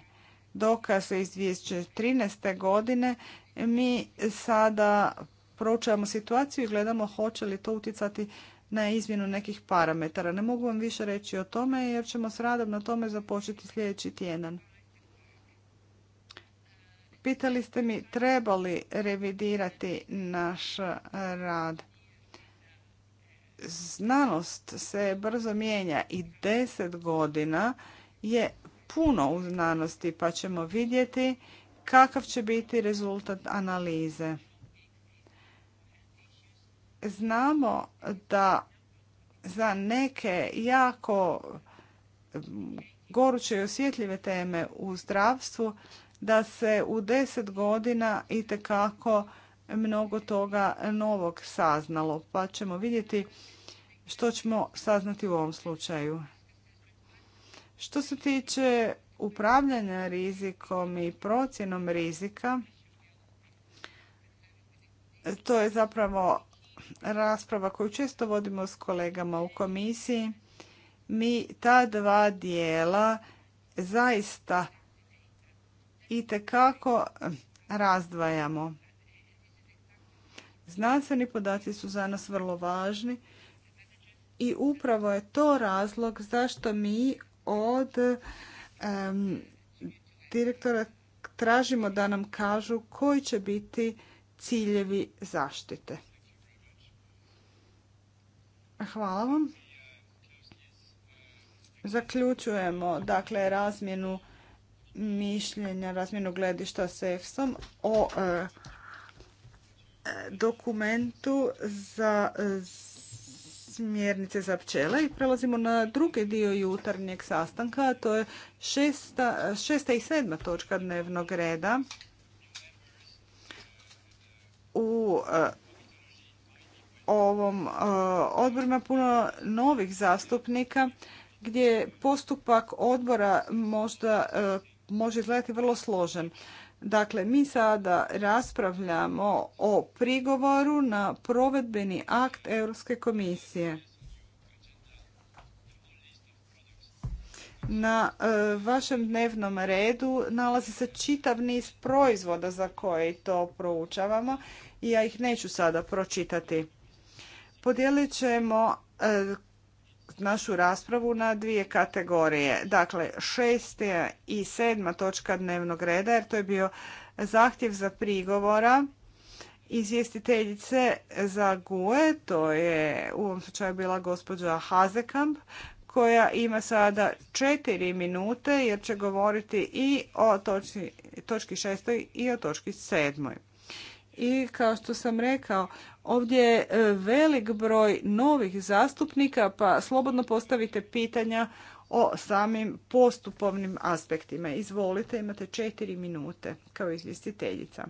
dokaze iz 2013. godine mi sada proučavamo situaciju i gledamo hoće li to utjecati na izmjenu nekih parametara. Ne mogu vam više reći o tome jer ćemo s radom na tome započeti sljedeći tjedan. Pitali ste mi trebali revidirati naš rad. Znanost se brzo mijenja i deset godina je puno u znanosti pa ćemo vidjeti kakav će biti rezultat analize. Znamo da za neke jako mm, goruće i osjetljive teme u zdravstvu da se u deset godina itekako mnogo toga novog saznalo. Pa ćemo vidjeti što ćemo saznati u ovom slučaju. Što se tiče upravljanja rizikom i procjenom rizika, to je zapravo rasprava koju često vodimo s kolegama u komisiji. Mi ta dva dijela zaista i tekako razdvajamo. Znanstveni podaci su za nas vrlo važni i upravo je to razlog zašto mi od direktora tražimo da nam kažu koji će biti ciljevi zaštite. Hvala vam. Zaključujemo dakle razmjenu mišljenja, razmjenu gledišta s efsa o e, dokumentu za smjernice za pčele i prelazimo na drugi dio jutarnjeg sastanka, a to je šesta, i sedma točka dnevnog reda u e, ovom e, odboru ima puno novih zastupnika gdje postupak odbora možda e, može izgledati vrlo složen. Dakle, mi sada raspravljamo o prigovoru na provedbeni akt Europske komisije. Na e, vašem dnevnom redu nalazi se čitav niz proizvoda za koje to proučavamo i ja ih neću sada pročitati. Podijelit ćemo e, našu raspravu na dvije kategorije. Dakle, šest i sedma točka dnevnog reda, jer to je bio zahtjev za prigovora izvjestiteljice za GUE, to je u ovom slučaju bila gospođa Hazekamp, koja ima sada četiri minute jer će govoriti i o točki, točki šestoj i o točki sedmoj. I kao što sam rekao, Ovdje je e, velik broj novih zastupnika, pa slobodno postavite pitanja o samim postupovnim aspektima. Izvolite, imate četiri minute kao izvjestiteljica.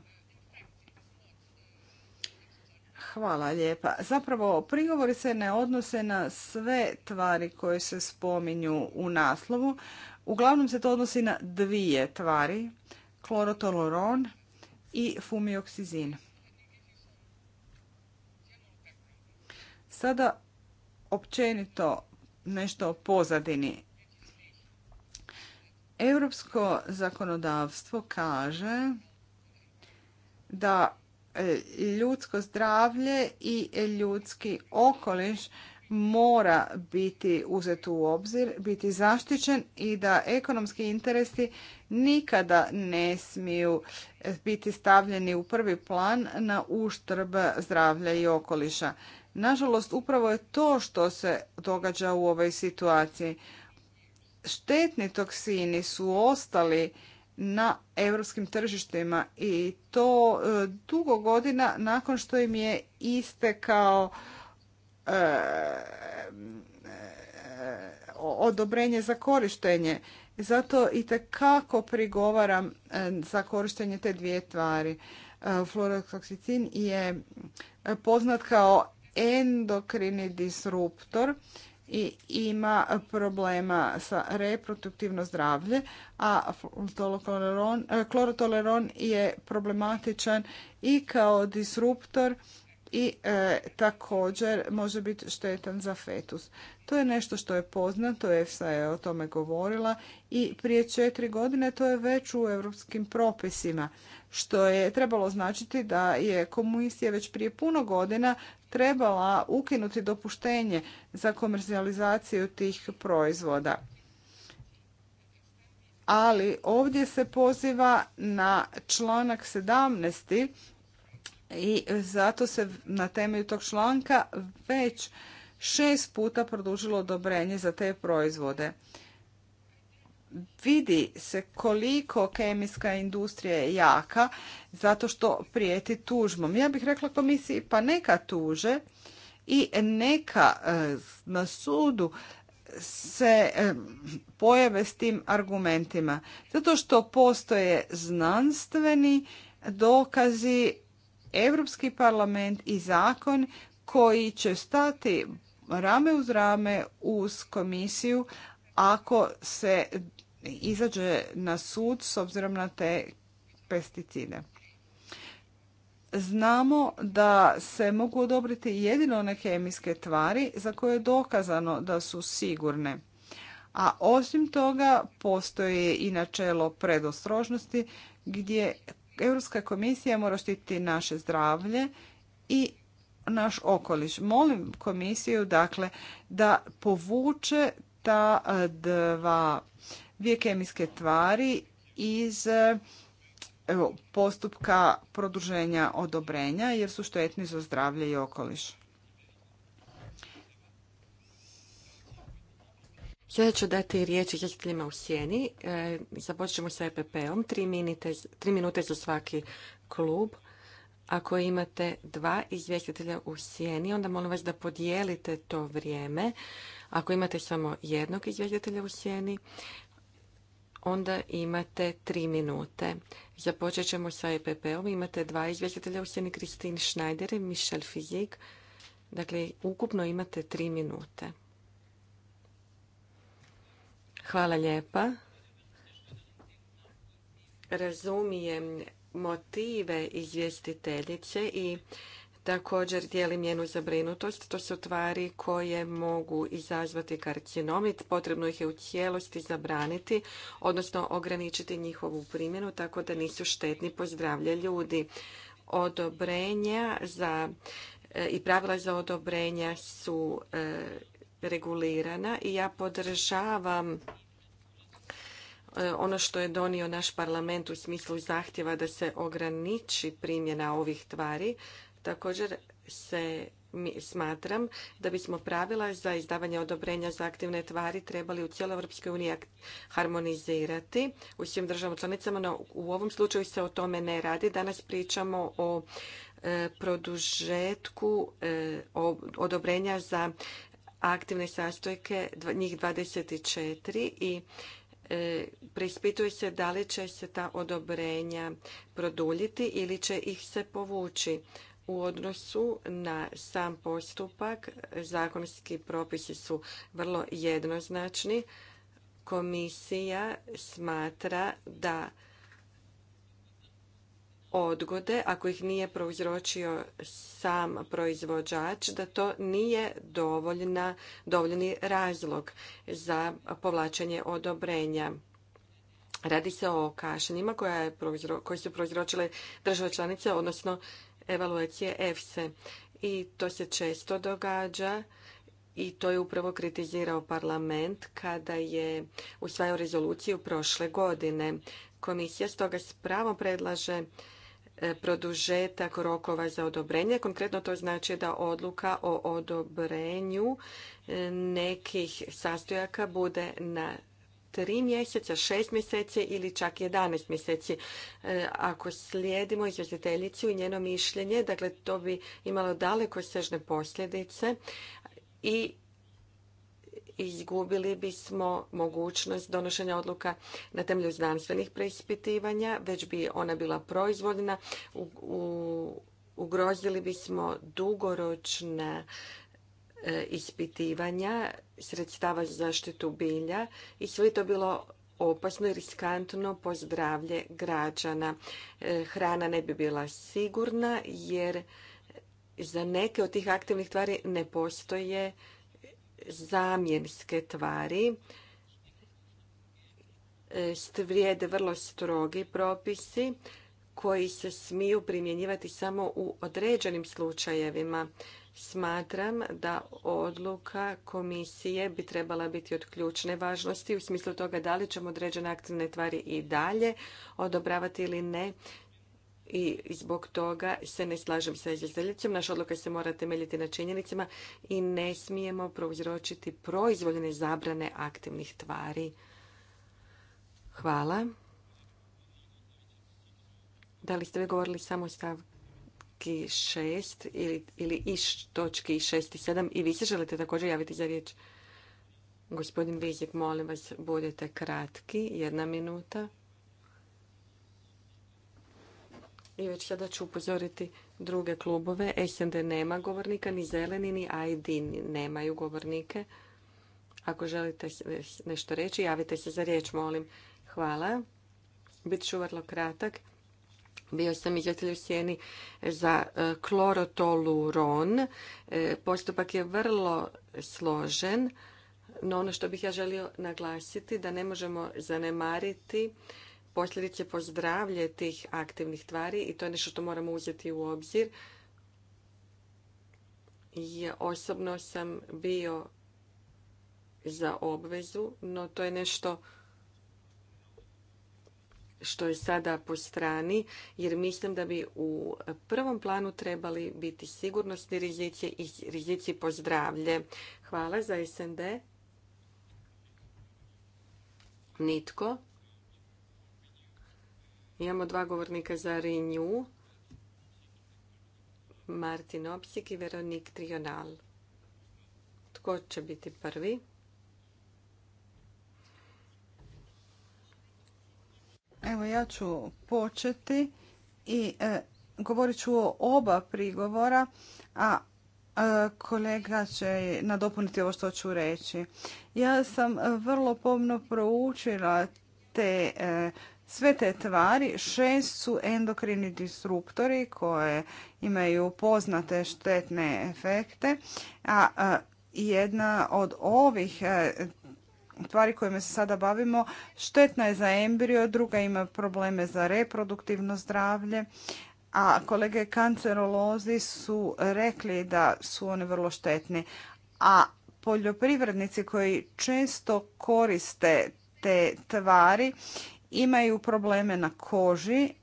Hvala lijepa. Zapravo, prigovori se ne odnose na sve tvari koje se spominju u naslovu. Uglavnom se to odnosi na dvije tvari, klorotoloron i fumioksizin. Sada općenito nešto o pozadini. Europsko zakonodavstvo kaže da e, ljudsko zdravlje i ljudski okoliš mora biti uzet u obzir, biti zaštićen i da ekonomski interesi nikada ne smiju e, biti stavljeni u prvi plan na uštrb zdravlja i okoliša. Nažalost, upravo je to što se događa u ovoj situaciji. Štetni toksini su ostali na europskim tržištima i to e, dugo godina nakon što im je istekao e, e, odobrenje za korištenje. Zato i tekako prigovaram za korištenje te dvije tvari. Fluorotoksicin je poznat kao endokrini disruptor i ima problema sa reproduktivno zdravlje, a klorotoleron e, je problematičan i kao disruptor i e, također može biti štetan za fetus. To je nešto što je poznato, EFSA je o tome govorila i prije četiri godine to je već u europskim propisima, što je trebalo značiti da je komisija već prije puno godina trebala ukinuti dopuštenje za komercijalizaciju tih proizvoda. Ali ovdje se poziva na članak 17 i zato se na temelju tog članka već šest puta produžilo odobrenje za te proizvode. Vidi se koliko kemijska industrija je jaka zato što prijeti tužbom. Ja bih rekla komisiji pa neka tuže i neka e, na sudu se e, pojave s tim argumentima. Zato što postoje znanstveni dokazi Europski parlament i zakon koji će stati rame uz rame uz komisiju ako se izađe na sud s obzirom na te pesticide. Znamo da se mogu odobriti jedino one kemijske tvari za koje je dokazano da su sigurne. A osim toga postoji i načelo predostrožnosti gdje Europska komisija mora štiti naše zdravlje i naš okoliš. Molim komisiju dakle da povuče ta dva dvije kemijske tvari iz evo, postupka produženja odobrenja jer su štetni za zdravlje i okoliš.
Sada ću dati riječ izvjestiteljima u sjeni. E, započet ćemo sa EPP-om. Tri, minute za svaki klub. Ako imate dva izvjestitelja u sjeni, onda molim vas da podijelite to vrijeme. Ako imate samo jednog izvjestitelja u sjeni, onda imate tri minute. Započet ćemo sa EPP-om. Imate dva izvjestitelja u sjeni, Kristin Schneider i Michel Fizik. Dakle, ukupno imate tri minute. Hvala lijepa. Razumijem motive izvjestiteljice i također dijelim njenu zabrinutost. To su tvari koje mogu izazvati karcinomit. Potrebno ih je u cijelosti zabraniti, odnosno ograničiti njihovu primjenu tako da nisu štetni po zdravlje ljudi. Odobrenja za e, i pravila za odobrenja su e, regulirana i ja podržavam e, ono što je donio naš parlament u smislu zahtjeva da se ograniči primjena ovih tvari. Također se smatram da bismo pravila za izdavanje odobrenja za aktivne tvari trebali u cijeloj Europskoj uniji harmonizirati u svim državama članicama, no u ovom slučaju se o tome ne radi. Danas pričamo o e, produžetku e, odobrenja za aktivne sastojke, njih 24 i e, preispituje se da li će se ta odobrenja produljiti ili će ih se povući. U odnosu na sam postupak, zakonski propisi su vrlo jednoznačni. Komisija smatra da odgode, ako ih nije prouzročio sam proizvođač, da to nije dovoljna, dovoljni razlog za povlačenje odobrenja. Radi se o kašenjima koja su prouzročile države članice, odnosno evaluacije EFSE. I to se često događa i to je upravo kritizirao parlament kada je usvajao rezoluciju prošle godine. Komisija stoga s pravom predlaže E, produžetak rokova za odobrenje. Konkretno to znači da odluka o odobrenju e, nekih sastojaka bude na tri mjeseca, šest mjeseci ili čak 11 mjeseci. E, ako slijedimo izvjestiteljicu i njeno mišljenje, dakle to bi imalo daleko sežne posljedice i izgubili bismo mogućnost donošenja odluka na temelju znanstvenih preispitivanja, već bi ona bila proizvodna, ugrozili bismo dugoročna e, ispitivanja sredstava za zaštitu bilja i sve to bilo opasno i riskantno po zdravlje građana. E, hrana ne bi bila sigurna jer za neke od tih aktivnih tvari ne postoje zamjenske tvari e, vrijede vrlo strogi propisi koji se smiju primjenjivati samo u određenim slučajevima. Smatram da odluka komisije bi trebala biti od ključne važnosti u smislu toga da li ćemo određene aktivne tvari i dalje odobravati ili ne i zbog toga se ne slažem sa izvjestiteljicom. Naša odluka se mora temeljiti na činjenicama i ne smijemo prouzročiti proizvoljene zabrane aktivnih tvari. Hvala. Da li ste vi govorili samo o stavki 6 ili, ili iš točki 6 i 7 i vi se želite također javiti za riječ? Gospodin Vizek, molim vas, budete kratki, jedna minuta. I već sada ću upozoriti druge klubove. SND nema govornika, ni zeleni, ni ID nemaju govornike. Ako želite nešto reći, javite se za riječ, molim. Hvala. Bit ću vrlo kratak. Bio sam izvjetelj u sjeni za e, klorotoluron. E, postupak je vrlo složen, no ono što bih ja želio naglasiti da ne možemo zanemariti posljedice po zdravlje tih aktivnih tvari i to je nešto što moramo uzeti u obzir. osobno sam bio za obvezu, no to je nešto što je sada po strani, jer mislim da bi u prvom planu trebali biti sigurnosni rizici i rizici po zdravlje. Hvala za SND. Nitko. Imamo dva govornika za Renew. Martin Opsik i Veronik Trional. Tko će biti prvi?
Evo ja ću početi i e, govorit ću o oba prigovora, a e, kolega će nadopuniti ovo što ću reći. Ja sam vrlo pomno proučila te e, sve te tvari, šest su endokrini disruptori koje imaju poznate štetne efekte, a jedna od ovih e, tvari kojima se sada bavimo štetna je za embrio, druga ima probleme za reproduktivno zdravlje, a kolege kancerolozi su rekli da su one vrlo štetni. A poljoprivrednici koji često koriste te tvari imaju probleme na koži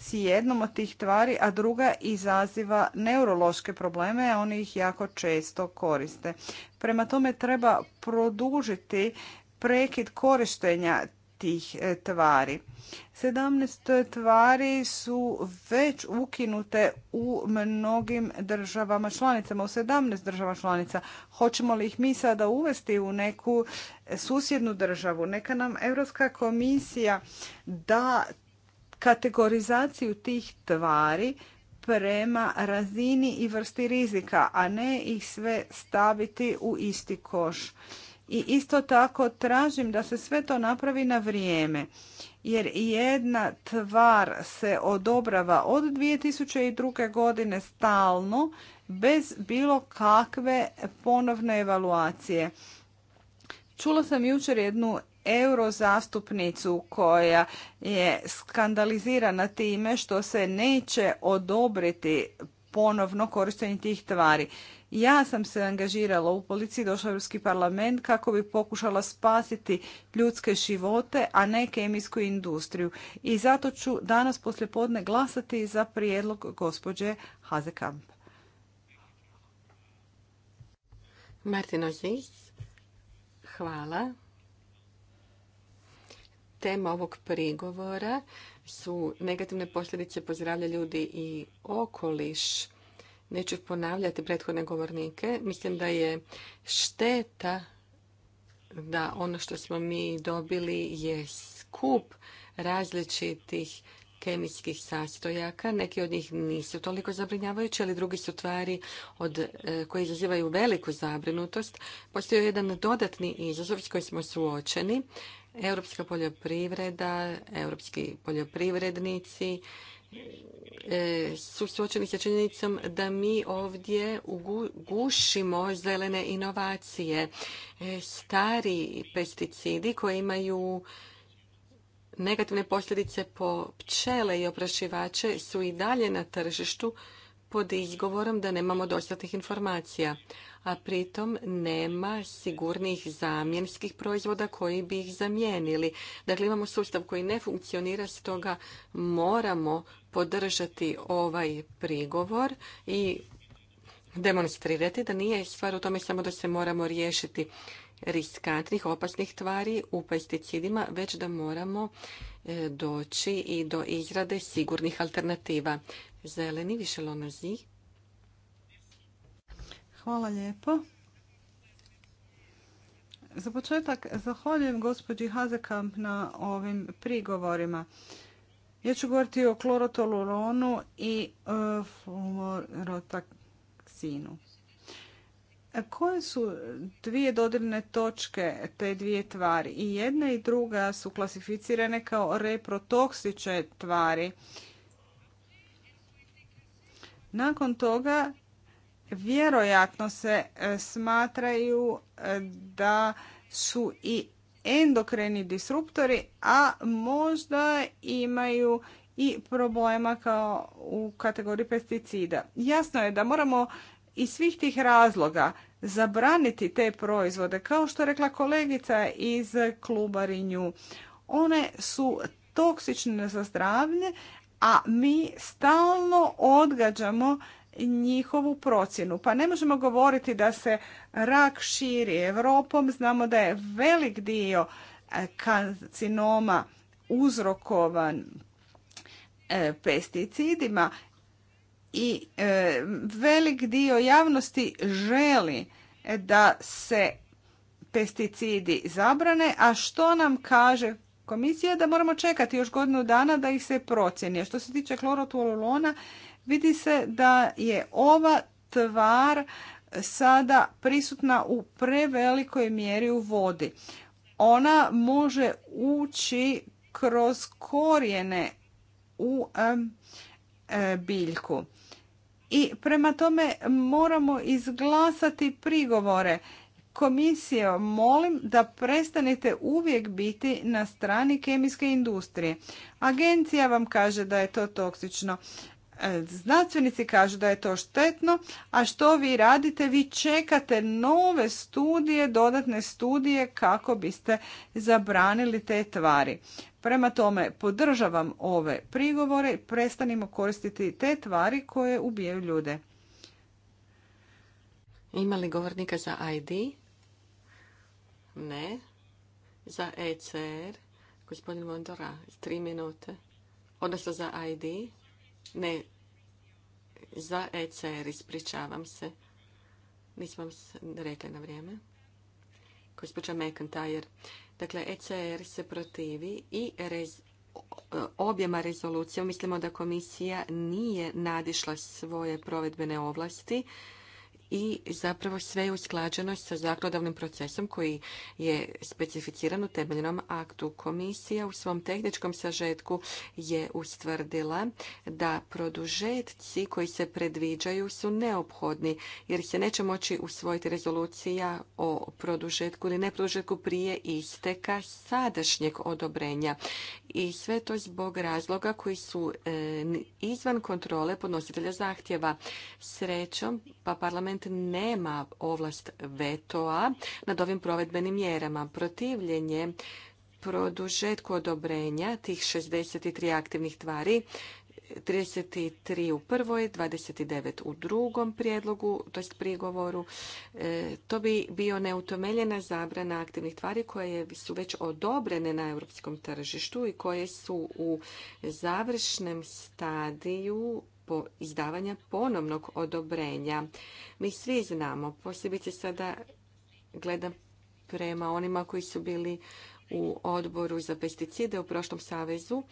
s jednom od tih tvari, a druga izaziva neurološke probleme, a oni ih jako često koriste. Prema tome treba produžiti prekid korištenja tih e, tvari. 17 tvari su već ukinute u mnogim državama članicama, u 17 država članica. Hoćemo li ih mi sada uvesti u neku e, susjednu državu? Neka nam Europska komisija da kategorizaciju tih tvari prema razini i vrsti rizika, a ne ih sve staviti u isti koš. I isto tako tražim da se sve to napravi na vrijeme. Jer jedna tvar se odobrava od 2002. godine stalno bez bilo kakve ponovne evaluacije. Čula sam jučer jednu eurozastupnicu koja je skandalizirana time što se neće odobriti ponovno korištenje tih tvari. Ja sam se angažirala u policiji, došla u Europski parlament kako bi pokušala spasiti ljudske živote, a ne kemijsku industriju. I zato ću danas poslijepodne glasati za prijedlog gospođe Hazekamp. Martino
hvala. Tema ovog prigovora su negativne posljedice pozdravlja ljudi i okoliš Neću ponavljati prethodne govornike. Mislim da je šteta da ono što smo mi dobili je skup različitih kemijskih sastojaka. Neki od njih nisu toliko zabrinjavajući, ali drugi su tvari od, e, koje izazivaju veliku zabrinutost. Postoji jedan dodatni izazov s kojim smo suočeni. Europska poljoprivreda, europski poljoprivrednici E, su suočeni sa činjenicom da mi ovdje gušimo zelene inovacije. E, stari pesticidi koji imaju negativne posljedice po pčele i oprašivače su i dalje na tržištu pod izgovorom da nemamo dostatnih informacija a pritom nema sigurnih zamjenskih proizvoda koji bi ih zamijenili. Dakle, imamo sustav koji ne funkcionira, stoga moramo podržati ovaj prigovor i demonstrirati da nije stvar u tome samo da se moramo riješiti riskantnih, opasnih tvari u pesticidima, već da moramo e, doći i do izrade sigurnih alternativa. Zeleni, više
Hvala lijepo. Za početak zahvaljujem gospođi Hazekamp na ovim prigovorima. Ja ću govoriti o klorotoluronu i e, fluorotaksinu. Koje su dvije dodirne točke te dvije tvari? I jedna i druga su klasificirane kao reprotoksiče tvari. Nakon toga vjerojatno se e, smatraju e, da su i endokreni disruptori, a možda imaju i problema kao u kategoriji pesticida. Jasno je da moramo iz svih tih razloga zabraniti te proizvode, kao što je rekla kolegica iz kluba One su toksične za zdravlje, a mi stalno odgađamo njihovu procjenu. Pa ne možemo govoriti da se rak širi Europom, znamo da je velik dio e, karcinoma uzrokovan e, pesticidima i e, velik dio javnosti želi da se pesticidi zabrane, a što nam kaže komisija da moramo čekati još godinu dana da ih se procjeni. A što se tiče klorotululona vidi se da je ova tvar sada prisutna u prevelikoj mjeri u vodi. Ona može ući kroz korijene u e, biljku. I prema tome moramo izglasati prigovore. Komisije molim da prestanete uvijek biti na strani kemijske industrije. Agencija vam kaže da je to toksično. Znanstvenici kažu da je to štetno, a što vi radite? Vi čekate nove studije, dodatne studije kako biste zabranili te tvari. Prema tome, podržavam ove prigovore, prestanimo koristiti te tvari koje ubijaju ljude. Ima li govornika za ID?
Ne. Za ECR? Gospodin Mondora, tri minute. Odnosno za ID? Ne, za ECR, ispričavam se. Nismo vam rekli na vrijeme. Gospođa McIntyre. Dakle, ECR se protivi i objema rezolucijom. Mislimo da komisija nije nadišla svoje provedbene ovlasti i zapravo sve je usklađeno sa zakonodavnim procesom koji je specificiran u temeljnom aktu. Komisija u svom tehničkom sažetku je ustvrdila da produžetci koji se predviđaju su neophodni jer se neće moći usvojiti rezolucija o produžetku ili ne prije isteka sadašnjeg odobrenja i sve to zbog razloga koji su e, izvan kontrole podnositelja zahtjeva. Srećom, pa parlament nema ovlast vetoa nad ovim provedbenim mjerama. Protivljenje produžetku odobrenja tih 63 aktivnih tvari 33 u prvoj, 29 u drugom prijedlogu, to prigovoru. E, to bi bio neutomeljena zabrana aktivnih tvari koje su već odobrene na europskom tržištu i koje su u završnem stadiju po izdavanja ponovnog odobrenja. Mi svi znamo, posebice sada gledam prema onima koji su bili u odboru za pesticide u prošlom savezu,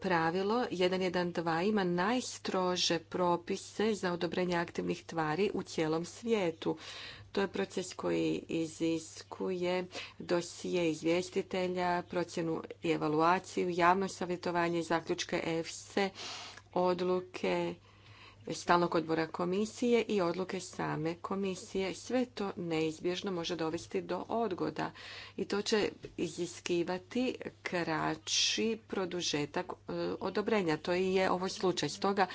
pravilo 112 ima najstrože propise za odobrenje aktivnih tvari u cijelom svijetu. To je proces koji iziskuje dosije izvjestitelja, procjenu i evaluaciju, javno savjetovanje, zaključke EFSE, odluke stalnog odbora komisije i odluke same komisije. Sve to neizbježno može dovesti do odgoda i to će iziskivati kraći produžetak e, odobrenja. To i je ovo ovaj slučaj. Stoga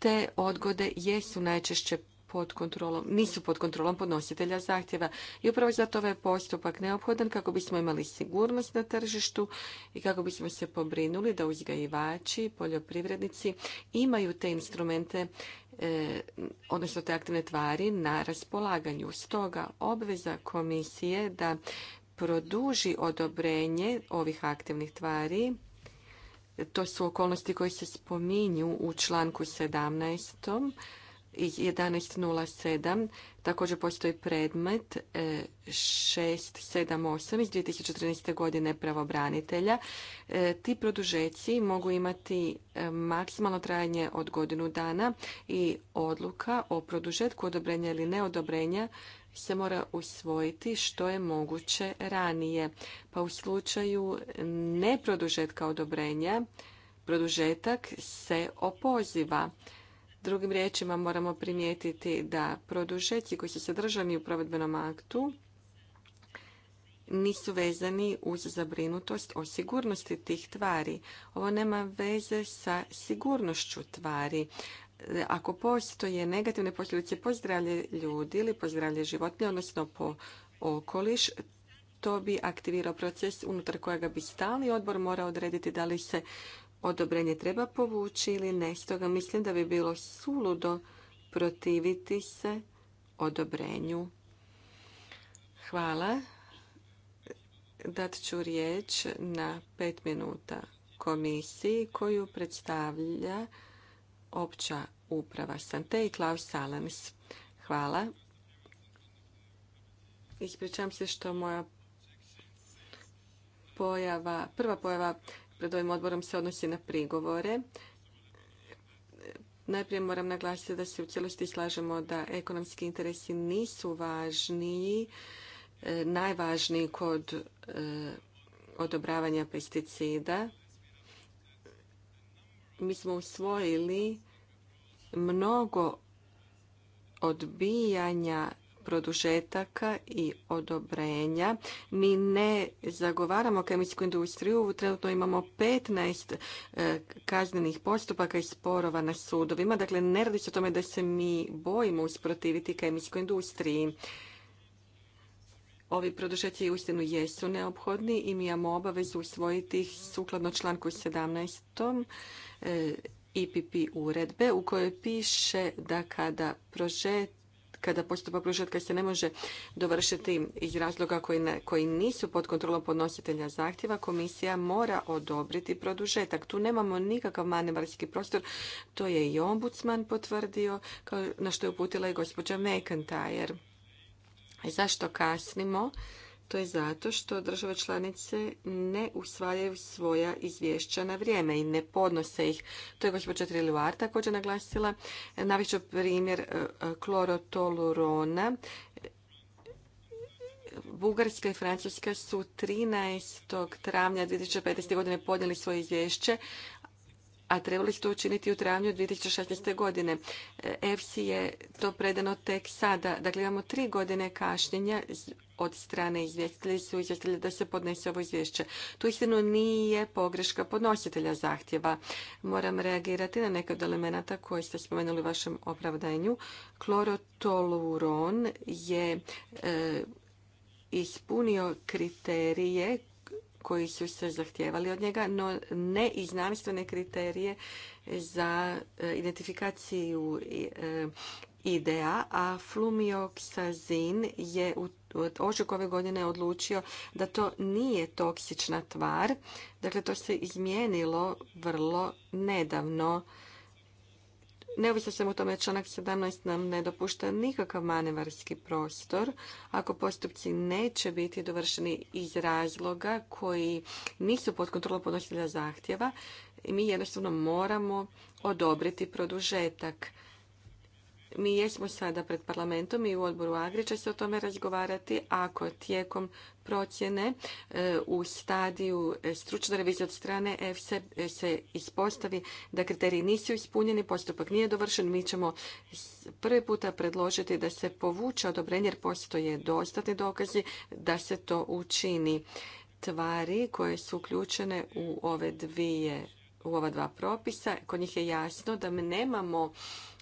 te odgode jesu najčešće pod kontrolom, nisu pod kontrolom podnositelja zahtjeva. I upravo zato ovaj postupak neophodan kako bismo imali sigurnost na tržištu i kako bismo se pobrinuli da uzgajivači, poljoprivrednici imaju te instrumente e, odnosno te aktivne tvari na raspolaganju. Stoga obveza komisije da produži odobrenje ovih aktivnih tvari to su okolnosti koje se spominju u članku 17 11.07. Također postoji predmet 678 e, iz 2014. godine pravobranitelja. E, ti produžeci mogu imati e, maksimalno trajanje od godinu dana i odluka o produžetku odobrenja ili neodobrenja se mora usvojiti što je moguće ranije. Pa u slučaju neprodužetka odobrenja, produžetak se opoziva. Drugim riječima moramo primijetiti da produžeci koji su sadržani u provedbenom aktu nisu vezani uz zabrinutost o sigurnosti tih tvari. Ovo nema veze sa sigurnošću tvari. Ako postoje negativne posljedice po zdravlje ljudi ili po zdravlje životinja, odnosno po okoliš, to bi aktivirao proces unutar kojega bi stalni odbor morao odrediti da li se odobrenje treba povući ili ne. Stoga mislim da bi bilo suludo protiviti se odobrenju. Hvala. Dat ću riječ na pet minuta komisiji koju predstavlja opća uprava Sante i Klaus Salens. Hvala. Ispričavam se što moja pojava, prva pojava pred ovim odborom se odnosi na prigovore. Najprije moram naglasiti da se u cijelosti slažemo da ekonomski interesi nisu važniji, e, najvažniji kod e, odobravanja pesticida. Mi smo usvojili mnogo odbijanja produžetaka i odobrenja. Mi ne zagovaramo kemijsku industriju. Trenutno imamo 15 e, kaznenih postupaka i sporova na sudovima. Dakle, ne radi se o tome da se mi bojimo usprotiviti kemijskoj industriji. Ovi produžeci uistinu jesu neophodni i mi imamo obavezu usvojiti ih sukladno članku 17. E, IPP uredbe u kojoj piše da kada prožet kada postupak pružatka se ne može dovršiti iz razloga koji, koji nisu pod kontrolom podnositelja zahtjeva, komisija mora odobriti produžetak. Tu nemamo nikakav manevarski prostor. To je i ombudsman potvrdio, kao na što je uputila i gospođa McIntyre. Zašto kasnimo? To je zato što države članice ne usvajaju svoja izvješća na vrijeme i ne podnose ih. To je gospođa Triluar također naglasila. Navišću primjer e, klorotolurona. Bugarska i Francuska su 13. travnja 2015. godine podnijeli svoje izvješće, a trebali ste učiniti u travnju 2016. godine. EFSI je to predano tek sada. Dakle, imamo tri godine kašnjenja od strane izvjestitelja su da se podnese ovo izvješće. Tu istinu nije pogreška podnositelja zahtjeva. Moram reagirati na neke od elemenata koje ste spomenuli u vašem opravdanju. Klorotoluron je e, ispunio kriterije koji su se zahtijevali od njega, no ne i znanstvene kriterije za e, identifikaciju e, IDEA, a flumioxazin je u ove godine odlučio da to nije toksična tvar. Dakle, to se izmijenilo vrlo nedavno. Neovisno sam u tome, članak 17 nam ne dopušta nikakav manevarski prostor ako postupci neće biti dovršeni iz razloga koji nisu pod kontrolom podnositelja zahtjeva. Mi jednostavno moramo odobriti produžetak mi jesmo sada pred parlamentom i u odboru Agri će se o tome razgovarati ako tijekom procjene e, u stadiju e, stručne revizije od strane EFSE se ispostavi da kriteriji nisu ispunjeni, postupak nije dovršen, mi ćemo prvi puta predložiti da se povuče odobrenje jer postoje dostatni dokazi da se to učini. Tvari koje su uključene u ove dvije u ova dva propisa, kod njih je jasno da nemamo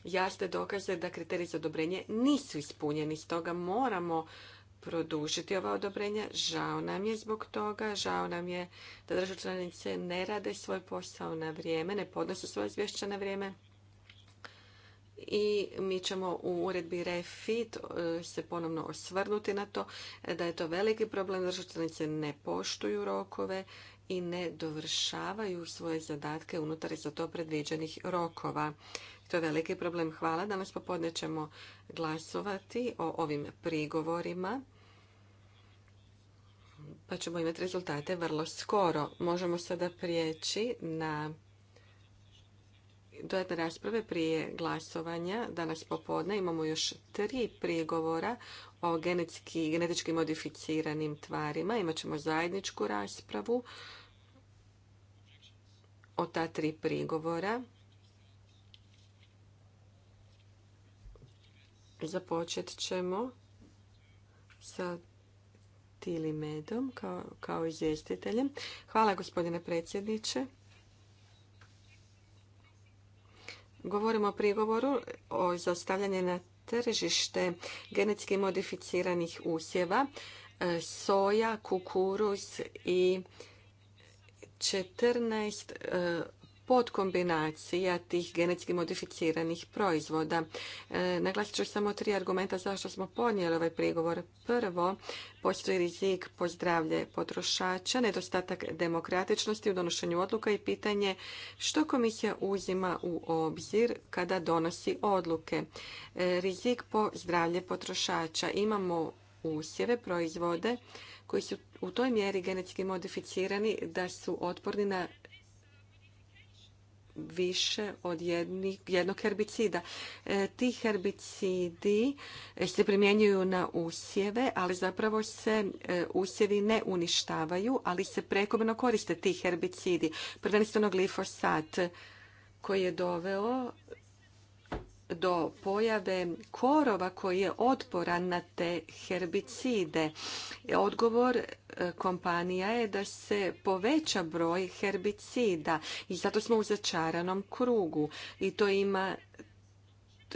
jasne dokaze da kriteriji za odobrenje nisu ispunjeni. Stoga moramo produžiti ova odobrenja. Žao nam je zbog toga, žao nam je da države članice ne rade svoj posao na vrijeme, ne podnose svoje izvješća na vrijeme. I mi ćemo u uredbi REFIT e, se ponovno osvrnuti na to e, da je to veliki problem, države članice ne poštuju rokove i ne dovršavaju svoje zadatke unutar za to predviđenih rokova. To je veliki problem. Hvala. Danas popodne ćemo glasovati o ovim prigovorima pa ćemo imati rezultate vrlo skoro. Možemo sada prijeći na dodatne rasprave prije glasovanja. Danas popodne imamo još tri prigovora o genetski, genetički modificiranim tvarima. Imaćemo zajedničku raspravu o ta tri prigovora. Započet ćemo sa Tili kao, kao izvjestiteljem. Hvala gospodine predsjedniče. Govorimo o prigovoru o zastavljanju na tržište genetski modificiranih usjeva, e, soja, kukuruz i 14 podkombinacija tih genetski modificiranih proizvoda. E, naglasit ću samo tri argumenta zašto smo podnijeli ovaj prigovor. Prvo, postoji rizik po zdravlje potrošača, nedostatak demokratičnosti u donošenju odluka i pitanje što komisija uzima u obzir kada donosi odluke. E, rizik po zdravlje potrošača. Imamo usjeve, proizvode koji su u toj mjeri genetski modificirani da su otporni na više od jednog herbicida. E, ti herbicidi e, se primjenjuju na usjeve, ali zapravo se e, usjevi ne uništavaju, ali se prekomjerno koriste ti herbicidi. Prvenstveno glifosat koji je doveo do pojave korova koji je otporan na te herbicide. Odgovor e, kompanija je da se poveća broj herbicida i zato smo u začaranom krugu i to ima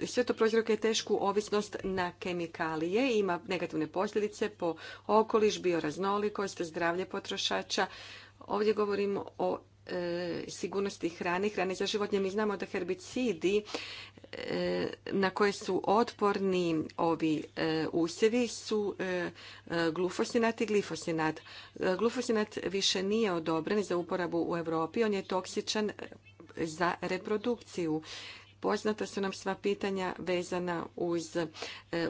sve to tešku ovisnost na kemikalije, ima negativne posljedice po okoliš, bioraznolikost, zdravlje potrošača. Ovdje govorimo o e, sigurnosti hrane, hrane za životinje. Mi znamo da herbicidi na koje su otporni ovi e, usjevi su e, e, glufosinat i glifosinat. Glufosinat više nije odobren za uporabu u Europi, on je toksičan za reprodukciju. Poznata su nam sva pitanja vezana uz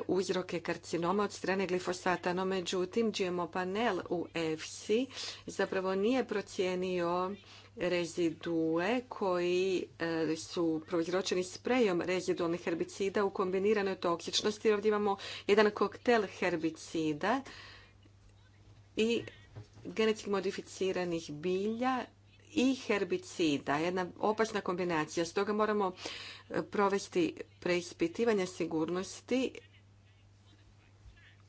uzroke karcinoma od strane glifosata, no međutim GMO panel u EFSI zapravo nije procijenio rezidue koji e, su prouzročeni sprejom rezidualnih herbicida u kombiniranoj toksičnosti. Ovdje imamo jedan koktel herbicida i genetski modificiranih bilja i herbicida. Jedna opasna kombinacija. Stoga moramo e, provesti preispitivanje sigurnosti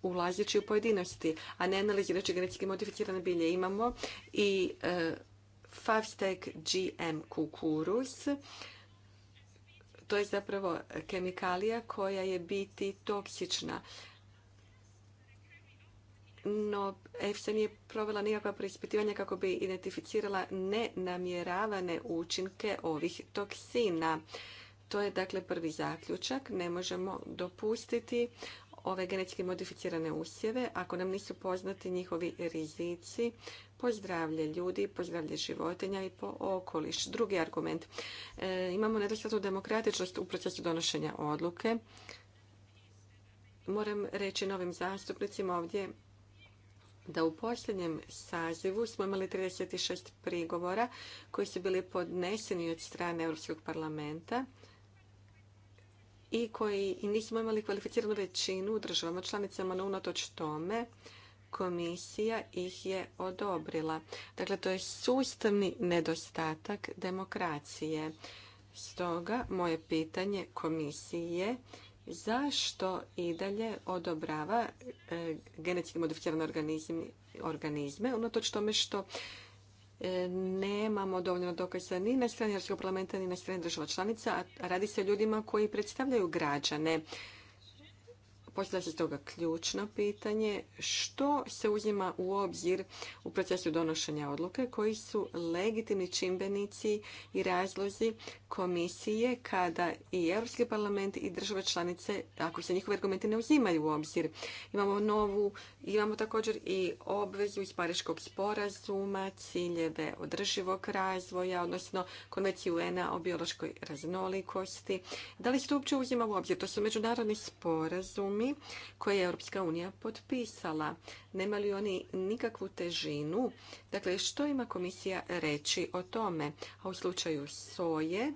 ulazeći u pojedinosti, a ne analizirajući genetski modificirane bilje. Imamo i e, Favstek GM kukuruz. To je zapravo kemikalija koja je biti toksična. No, EFSA nije provela nikakva preispitivanja kako bi identificirala nenamjeravane učinke ovih toksina. To je dakle prvi zaključak. Ne možemo dopustiti ove genetski modificirane usjeve, ako nam nisu poznati njihovi rizici pozdravlje ljudi, pozdravlje životinja i po okoliš. Drugi argument, e, imamo nedostatnu demokratičnost u procesu donošenja odluke. Moram reći novim zastupnicima ovdje da u posljednjem sazivu smo imali 36 prigovora koji su bili podneseni od strane Europskog parlamenta i koji nismo imali kvalificiranu većinu u državama članicama, no unatoč tome komisija ih je odobrila. Dakle, to je sustavni nedostatak demokracije. Stoga, moje pitanje komisije je zašto i dalje odobrava e, genetski modificirane organizme, unatoč tome što E, nemamo dovoljno dokaza ni na strani Europskog parlamenta ni na strani država članica, a radi se o ljudima koji predstavljaju građane. Postavlja se toga ključno pitanje što se uzima u obzir u procesu donošenja odluke, koji su legitimni čimbenici i razlozi komisije kada i Europski parlament i države članice, ako se njihove argumenti ne uzimaju u obzir. Imamo novu, imamo također i obvezu iz Pariškog sporazuma, ciljeve održivog razvoja, odnosno konvenciju UN-a o biološkoj raznolikosti. Da li se to uopće uzima u obzir? To su međunarodni sporazumi koje je Europska unija potpisala. Nema li oni nikakvu težinu? Dakle, što ima komisija reći o tome? A u slučaju soje,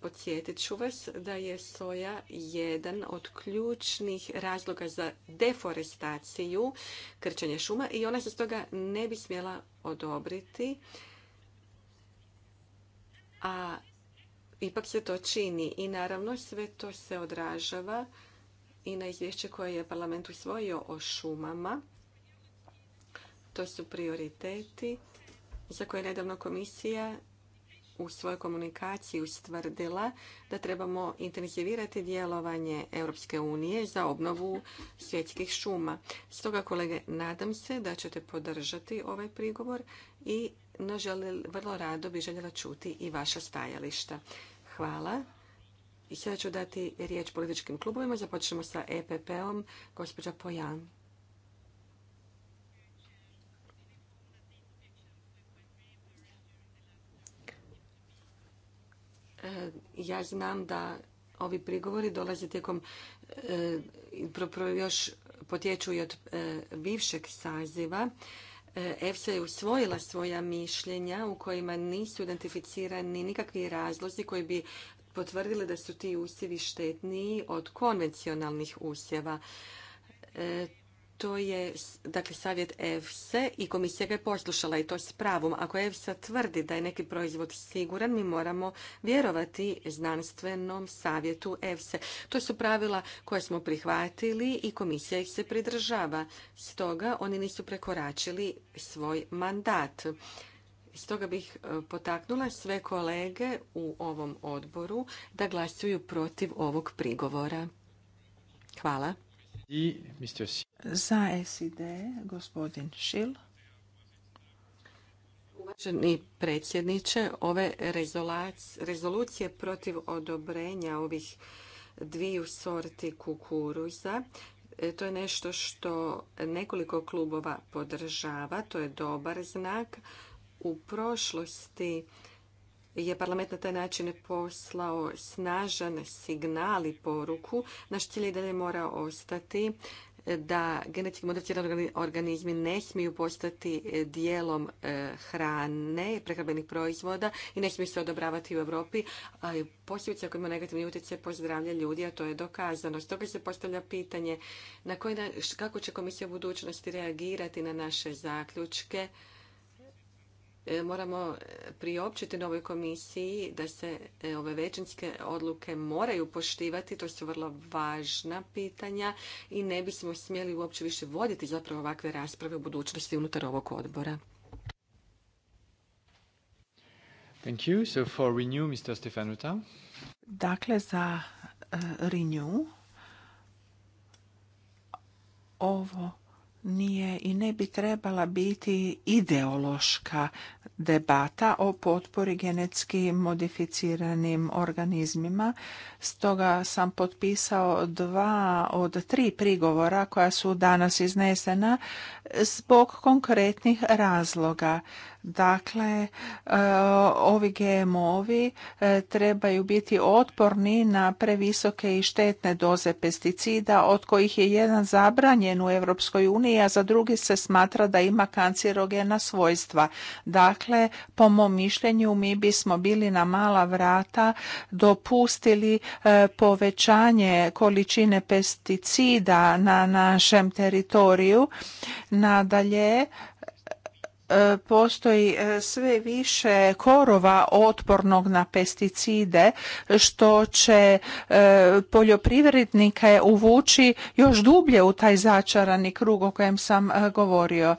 podsjetit ću vas da je soja jedan od ključnih razloga za deforestaciju, krčenje šuma i ona se stoga ne bi smjela odobriti. A ipak se to čini i naravno sve to se odražava i na izvješće koje je parlament usvojio o šumama to su prioriteti za koje je nedavno komisija u svojoj komunikaciji ustvrdila da trebamo intenzivirati djelovanje Europske unije za obnovu svjetskih šuma. Stoga, kolege, nadam se da ćete podržati ovaj prigovor i no, vrlo rado bi željela čuti i vaša stajališta. Hvala. I sada ću dati riječ političkim klubovima. Započnemo sa EPP-om. Gospođa Pojan. E, ja znam da ovi prigovori dolaze tijekom e, još potječu i od e, bivšeg saziva. EFSA je usvojila svoja mišljenja u kojima nisu identificirani nikakvi razlozi koji bi potvrdili da su ti usjevi štetniji od konvencionalnih usjeva to je dakle savjet EFSE i komisija ga je poslušala i to s pravom. Ako EFSA tvrdi da je neki proizvod siguran, mi moramo vjerovati znanstvenom savjetu EFSE. To su pravila koje smo prihvatili i komisija ih se pridržava. Stoga oni nisu prekoračili svoj mandat. Stoga bih e, potaknula sve kolege u ovom odboru da glasuju protiv ovog prigovora. Hvala. Za SID, gospodin Šil. Uvaženi predsjedniče, ove rezolucije protiv odobrenja ovih dviju sorti kukuruza e, to je nešto što nekoliko klubova podržava, to je dobar znak. U prošlosti je parlament na taj način poslao snažan signal i poruku. Naš cilj i dalje mora ostati da genetski modificirani organizmi ne smiju postati e, dijelom e, hrane, prehrambenih proizvoda i ne smiju se odobravati u Europi, a posebice ako ima negativni utjecaj po zdravlje ljudi, a to je dokazano. Stoga se postavlja pitanje na koji, kako će komisija u budućnosti reagirati na naše zaključke E, moramo e, priopćiti novoj komisiji da se e, ove većinske odluke moraju poštivati, to su vrlo važna pitanja i ne bismo smjeli uopće više voditi zapravo ovakve rasprave u budućnosti unutar ovog odbora.
Dakle, za Renew ovo nije i ne bi trebala biti ideološka debata o potpori genetski modificiranim organizmima. Stoga sam potpisao dva od tri prigovora koja su danas iznesena zbog konkretnih razloga. Dakle, e, ovi GMO-ovi e, trebaju biti otporni na previsoke i štetne doze pesticida, od kojih je jedan zabranjen u Europskoj uniji, a za drugi se smatra da ima kancerogena svojstva. Dakle, po mom mišljenju mi bismo bili na mala vrata dopustili e, povećanje količine pesticida na našem teritoriju. Nadalje, E, postoji e, sve više korova otpornog na pesticide što će e, poljoprivrednike uvući još dublje u taj začarani krug o kojem sam govorio.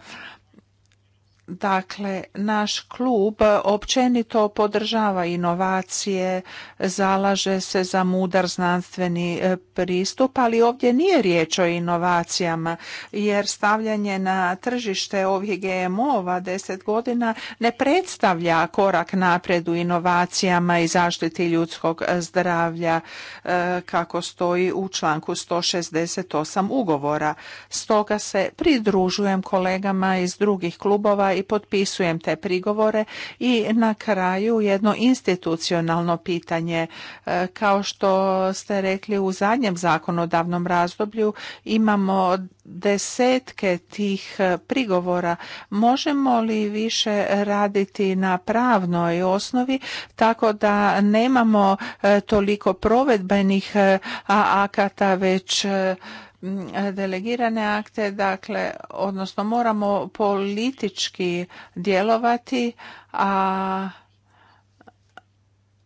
Dakle, naš klub općenito podržava inovacije, zalaže se za mudar znanstveni e, pristup, ali ovdje nije riječ o inovacijama, jer stavljanje na tržište ovih GMO-ova deset godina ne predstavlja korak napred u inovacijama i zaštiti ljudskog zdravlja, e, kako stoji u članku 168 ugovora. Stoga se pridružujem kolegama iz drugih klubova i potpisujem te prigovore. I na kraju jedno institucionalno pitanje. E, kao što ste rekli u zadnjem zakonodavnom razdoblju imamo desetke tih e, prigovora. Možemo li više raditi na pravnoj osnovi tako da nemamo e, toliko provedbenih akata već delegirane akte, dakle, odnosno moramo politički djelovati, a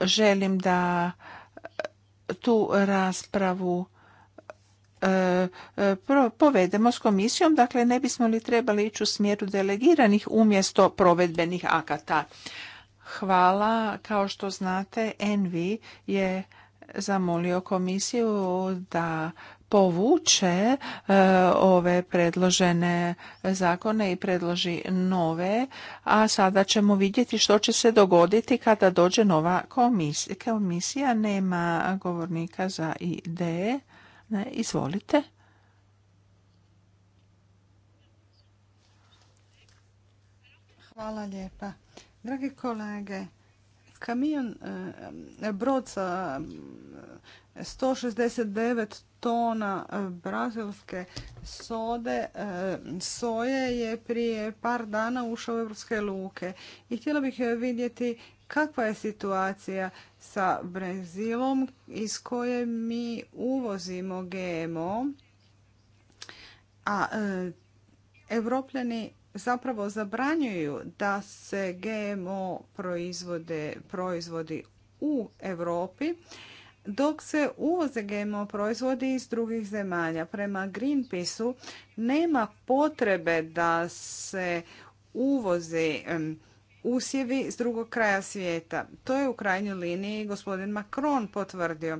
želim da tu raspravu e, e, povedemo s komisijom, dakle ne bismo li trebali ići u smjeru delegiranih umjesto provedbenih akata. Hvala, kao što znate, Envi je zamolio komisiju da povuče e, ove predložene zakone i predloži nove, a sada ćemo vidjeti što će se dogoditi kada dođe nova komisija. Komisija nema govornika za ideje. Ne, izvolite.
Hvala lijepa. Dragi kolege, kamion, e, brod sa 169 tona e, brazilske sode, e, soje je prije par dana ušao u evropske luke. I htjela bih e, vidjeti kakva je situacija sa Brazilom iz koje mi uvozimo GMO, a evropljani zapravo zabranjuju da se GMO proizvode, proizvodi u Europi dok se uvoze GMO proizvodi iz drugih zemalja. Prema Greenpeaceu nema potrebe da se uvoze usjevi s drugog kraja svijeta. To je u krajnjoj liniji gospodin Macron potvrdio.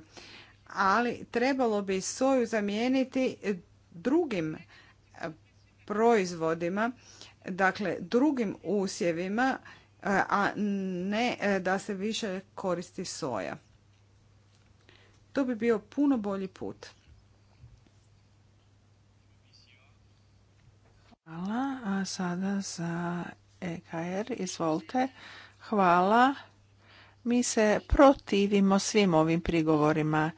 Ali trebalo bi soju zamijeniti drugim proizvodima, dakle drugim usjevima, a ne da se više koristi soja. To bi bio puno bolji put. Hvala. A
sada za EKR. Izvolite. Hvala. Mi se protivimo svim ovim prigovorima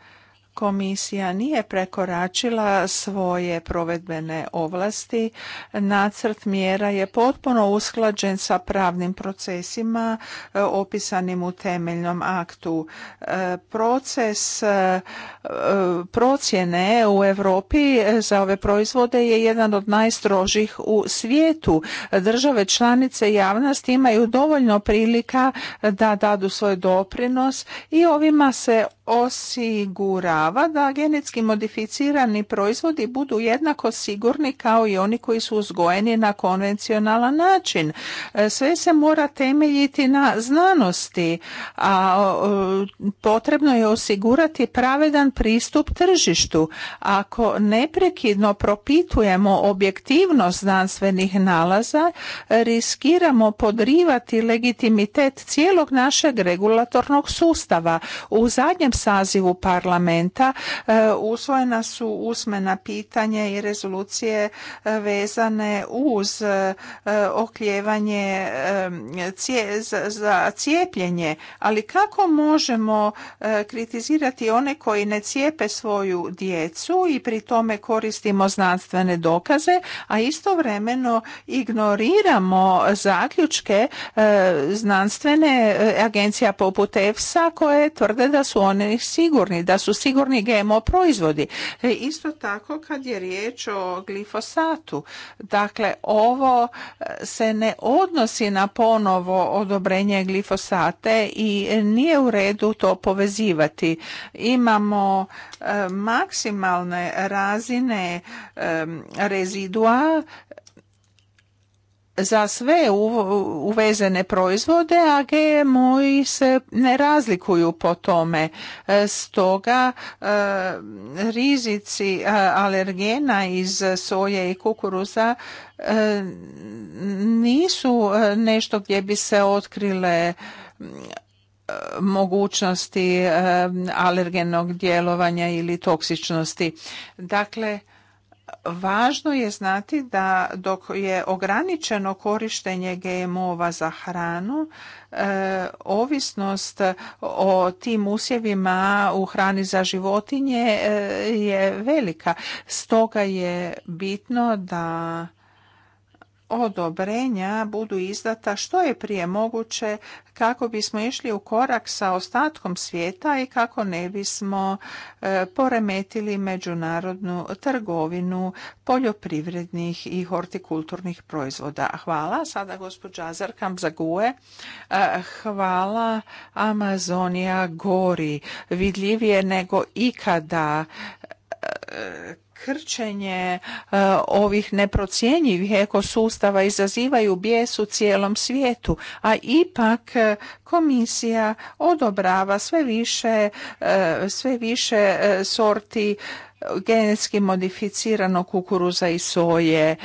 komisija nije prekoračila svoje provedbene ovlasti. Nacrt mjera je potpuno usklađen sa pravnim procesima e, opisanim u temeljnom aktu. E, proces e, procjene u Europi za ove proizvode je jedan od najstrožih u svijetu. Države članice javnost imaju dovoljno prilika da dadu svoj doprinos i ovima se osigura da genetski modificirani proizvodi budu jednako sigurni kao i oni koji su uzgojeni na konvencionalan način. E, sve se mora temeljiti na znanosti, a potrebno je osigurati pravedan pristup tržištu. Ako neprekidno propitujemo objektivnost znanstvenih nalaza, riskiramo podrivati legitimitet cijelog našeg regulatornog sustava. U zadnjem sazivu parlamenta E, usvojena su usmena pitanja i rezolucije e, vezane uz e, okljevanje za cijepljenje, ali kako možemo kritizirati one koji ne cijepe svoju djecu i pri tome koristimo znanstvene dokaze, a istovremeno ignoriramo zaključke znanstvene agencija poput EFSA koje tvrde da su oni sigurni, da su sigurni GMO proizvodi. E, isto tako kad je riječ o glifosatu. Dakle, ovo e, se ne odnosi na ponovo odobrenje glifosate i nije u redu to povezivati. Imamo e, maksimalne razine rezidua za sve uvezene proizvode, a GMO se ne razlikuju po tome. E, stoga e, rizici e, alergena iz soje i kukuruza nisu nešto gdje bi se otkrile mogućnosti alergenog djelovanja ili toksičnosti. Dakle, Važno je znati da dok je ograničeno korištenje GMO-ova za hranu, e, ovisnost o tim usjevima u hrani za životinje e, je velika. Stoga je bitno da odobrenja budu izdata što je prije moguće kako bismo išli u korak sa ostatkom svijeta i kako ne bismo e, poremetili međunarodnu trgovinu poljoprivrednih i hortikulturnih proizvoda. Hvala. Sada gospođa Azarkam Zague. E, hvala. Amazonija gori vidljivije nego ikada e, krčenje e, ovih neprocjenjivih ekosustava izazivaju bijes u cijelom svijetu, a ipak e, komisija odobrava sve više, e, sve više sorti genetski modificiranog kukuruza i soje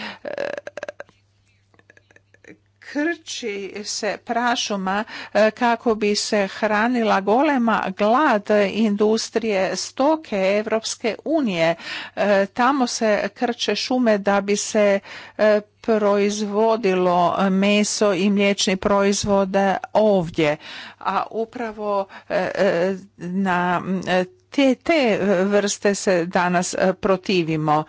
krči se prašuma e, kako bi se hranila golema glad industrije stoke Evropske unije. E, tamo se krče šume da bi se e, proizvodilo meso i mliječni proizvod ovdje. A upravo na te, te vrste se danas protivimo.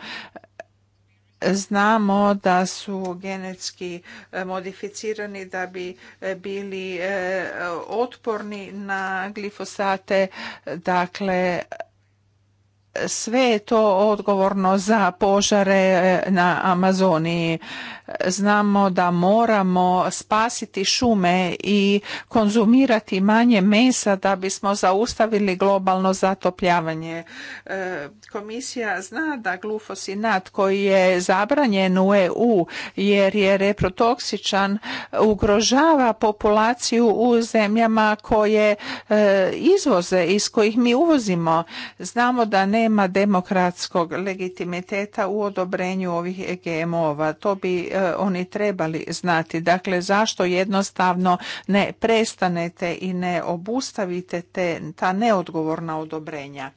Znamo da su genetski e, modificirani da bi e, bili e, otporni na glifosate, dakle sve je to odgovorno za požare na Amazoniji znamo da moramo spasiti šume i konzumirati manje mesa da bismo zaustavili globalno zatopljavanje. E, komisija zna da glufosinat koji je zabranjen u EU jer je reprotoksičan ugrožava populaciju u zemljama koje e, izvoze iz kojih mi uvozimo. Znamo da nema demokratskog legitimiteta u odobrenju ovih GMO-ova. To bi E, oni trebali znati. Dakle, zašto jednostavno ne prestanete i ne obustavite te, ta neodgovorna odobrenja?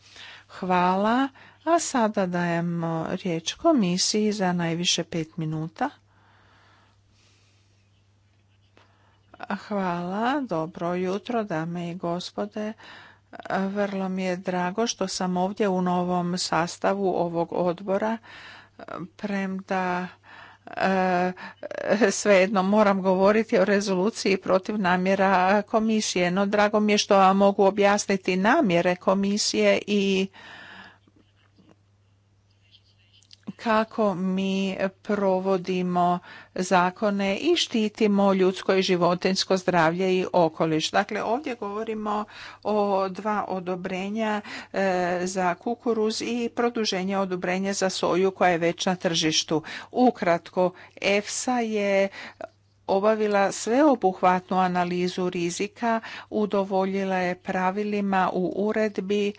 Hvala. A sada dajemo e, riječ komisiji za najviše pet minuta. Hvala, dobro jutro dame i gospode. Vrlo mi je drago što sam ovdje u novom sastavu ovog odbora, premda E, svejedno moram govoriti o rezoluciji protiv namjera komisije. No drago mi je što vam mogu objasniti namjere komisije i kako mi provodimo zakone i štitimo ljudsko i životinsko zdravlje i okoliš. Dakle, ovdje govorimo o dva odobrenja e, za kukuruz i produženje odobrenja za soju koja je već na tržištu. Ukratko, EFSA je obavila sveobuhvatnu analizu rizika, udovoljila je pravilima u uredbi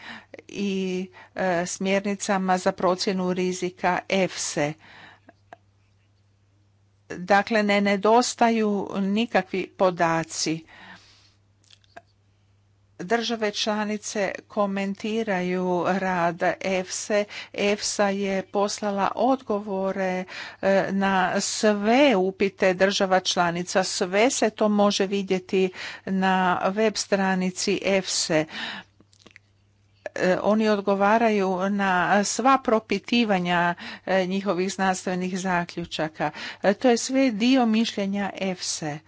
i e, smjernicama za procjenu rizika EFSE. Dakle, ne nedostaju nikakvi podaci države članice komentiraju rad EFSE. EFSA je poslala odgovore e, na sve upite država članica. Sve se to može vidjeti na web stranici EFSE e, oni odgovaraju na sva propitivanja e, njihovih znanstvenih zaključaka. To je sve dio mišljenja EFSE.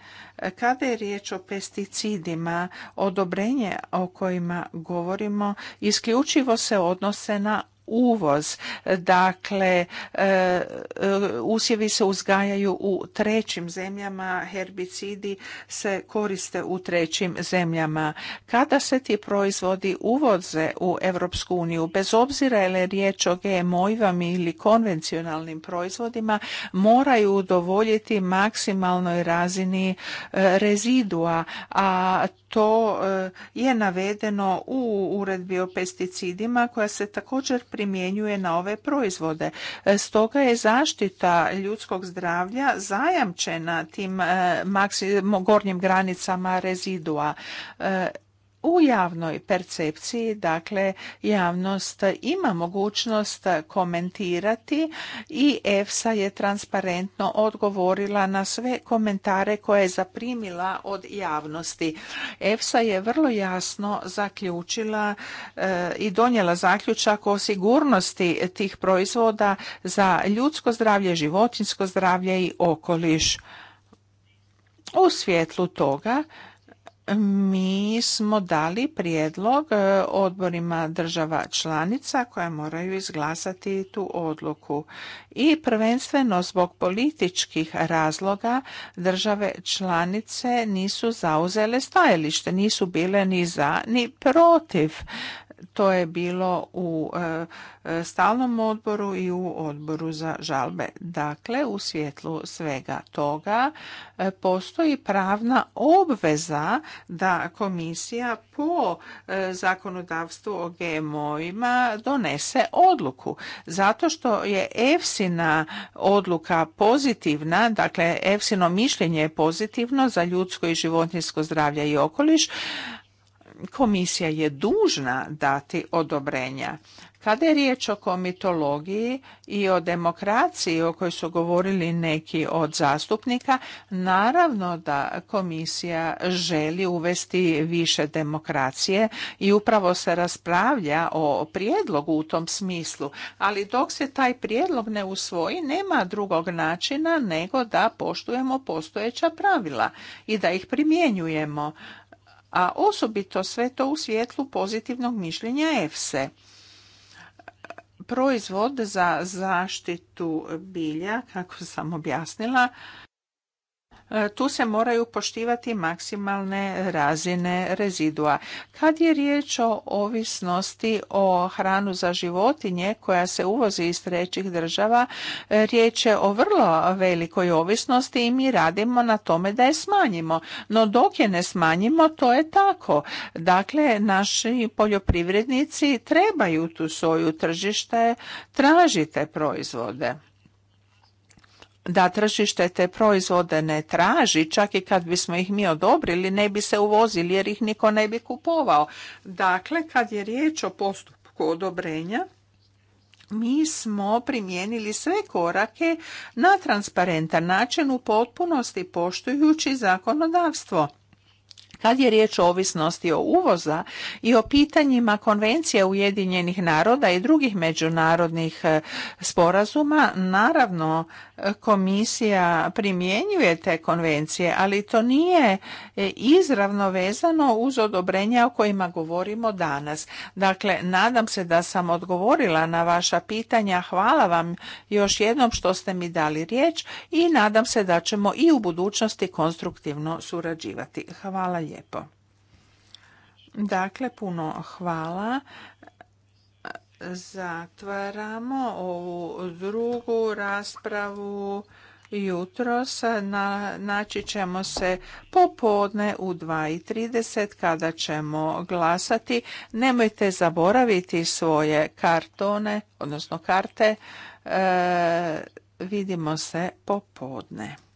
Kada je riječ o pesticidima, odobrenje o kojima govorimo isključivo se odnose na uvoz. Dakle, e, e, usjevi se uzgajaju u trećim zemljama, herbicidi se koriste u trećim zemljama. Kada se ti proizvodi uvoze u Europsku uniju, bez obzira je li riječ o GMO-ivama ili konvencionalnim proizvodima, moraju udovoljiti maksimalnoj razini e, rezidua, a to je navedeno u uredbi o pesticidima koja se također primjenjuje na ove proizvode. E, stoga je zaštita ljudskog zdravlja zajamčena tim e, gornjim granicama rezidua. E, u javnoj percepciji, dakle javnost ima mogućnost komentirati i EFSA je transparentno odgovorila na sve komentare koje je zaprimila od javnosti. EFSA je vrlo jasno zaključila eh, i donijela zaključak o sigurnosti tih proizvoda za ljudsko zdravlje, životinsko zdravlje i okoliš. U svjetlu toga mi smo dali prijedlog e, odborima država članica koje moraju izglasati tu odluku i prvenstveno zbog političkih razloga države članice nisu zauzele stajalište, nisu bile ni za ni protiv to je bilo u e, stalnom odboru i u odboru za žalbe. Dakle, u svjetlu svega toga e, postoji pravna obveza da komisija po e, zakonodavstvu o GMO-ima donese odluku. Zato što je EFSINA odluka pozitivna, dakle EFSINO mišljenje je pozitivno za ljudsko i životinjsko zdravlje i okoliš, komisija je dužna dati odobrenja. Kada je riječ o komitologiji i o demokraciji o kojoj su govorili neki od zastupnika, naravno da komisija želi uvesti više demokracije i upravo se raspravlja o prijedlogu u tom smislu. Ali dok se taj prijedlog ne usvoji, nema drugog načina nego da poštujemo postojeća pravila i da ih primjenjujemo a osobito sve to u svjetlu pozitivnog mišljenja EFSE. Proizvod za zaštitu bilja, kako sam objasnila, E, tu se moraju poštivati maksimalne razine rezidua. Kad je riječ o ovisnosti o hranu za životinje koja se uvozi iz trećih država, e, riječ je o vrlo velikoj ovisnosti i mi radimo na tome da je smanjimo. No dok je ne smanjimo, to je tako. Dakle, naši poljoprivrednici trebaju tu soju tržište, tražite proizvode da tržište te proizvode ne traži, čak i kad bismo ih mi odobrili, ne bi se uvozili jer ih niko ne bi kupovao. Dakle, kad je riječ o postupku odobrenja, mi smo primijenili sve korake na transparentan način u potpunosti poštujući zakonodavstvo. Kad je riječ o ovisnosti o uvoza i o pitanjima konvencije Ujedinjenih naroda i drugih međunarodnih e, sporazuma, naravno e, komisija primjenjuje te konvencije, ali to nije e, izravno vezano uz odobrenja o kojima govorimo danas. Dakle, nadam se da sam odgovorila na vaša pitanja. Hvala vam još jednom što ste mi dali riječ i nadam se da ćemo i u budućnosti konstruktivno surađivati. Hvala lijepo. Dakle, puno hvala. Zatvaramo ovu drugu raspravu jutros. Na, naći ćemo se popodne u 2.30 kada ćemo glasati. Nemojte zaboraviti svoje kartone, odnosno karte. E, vidimo se popodne.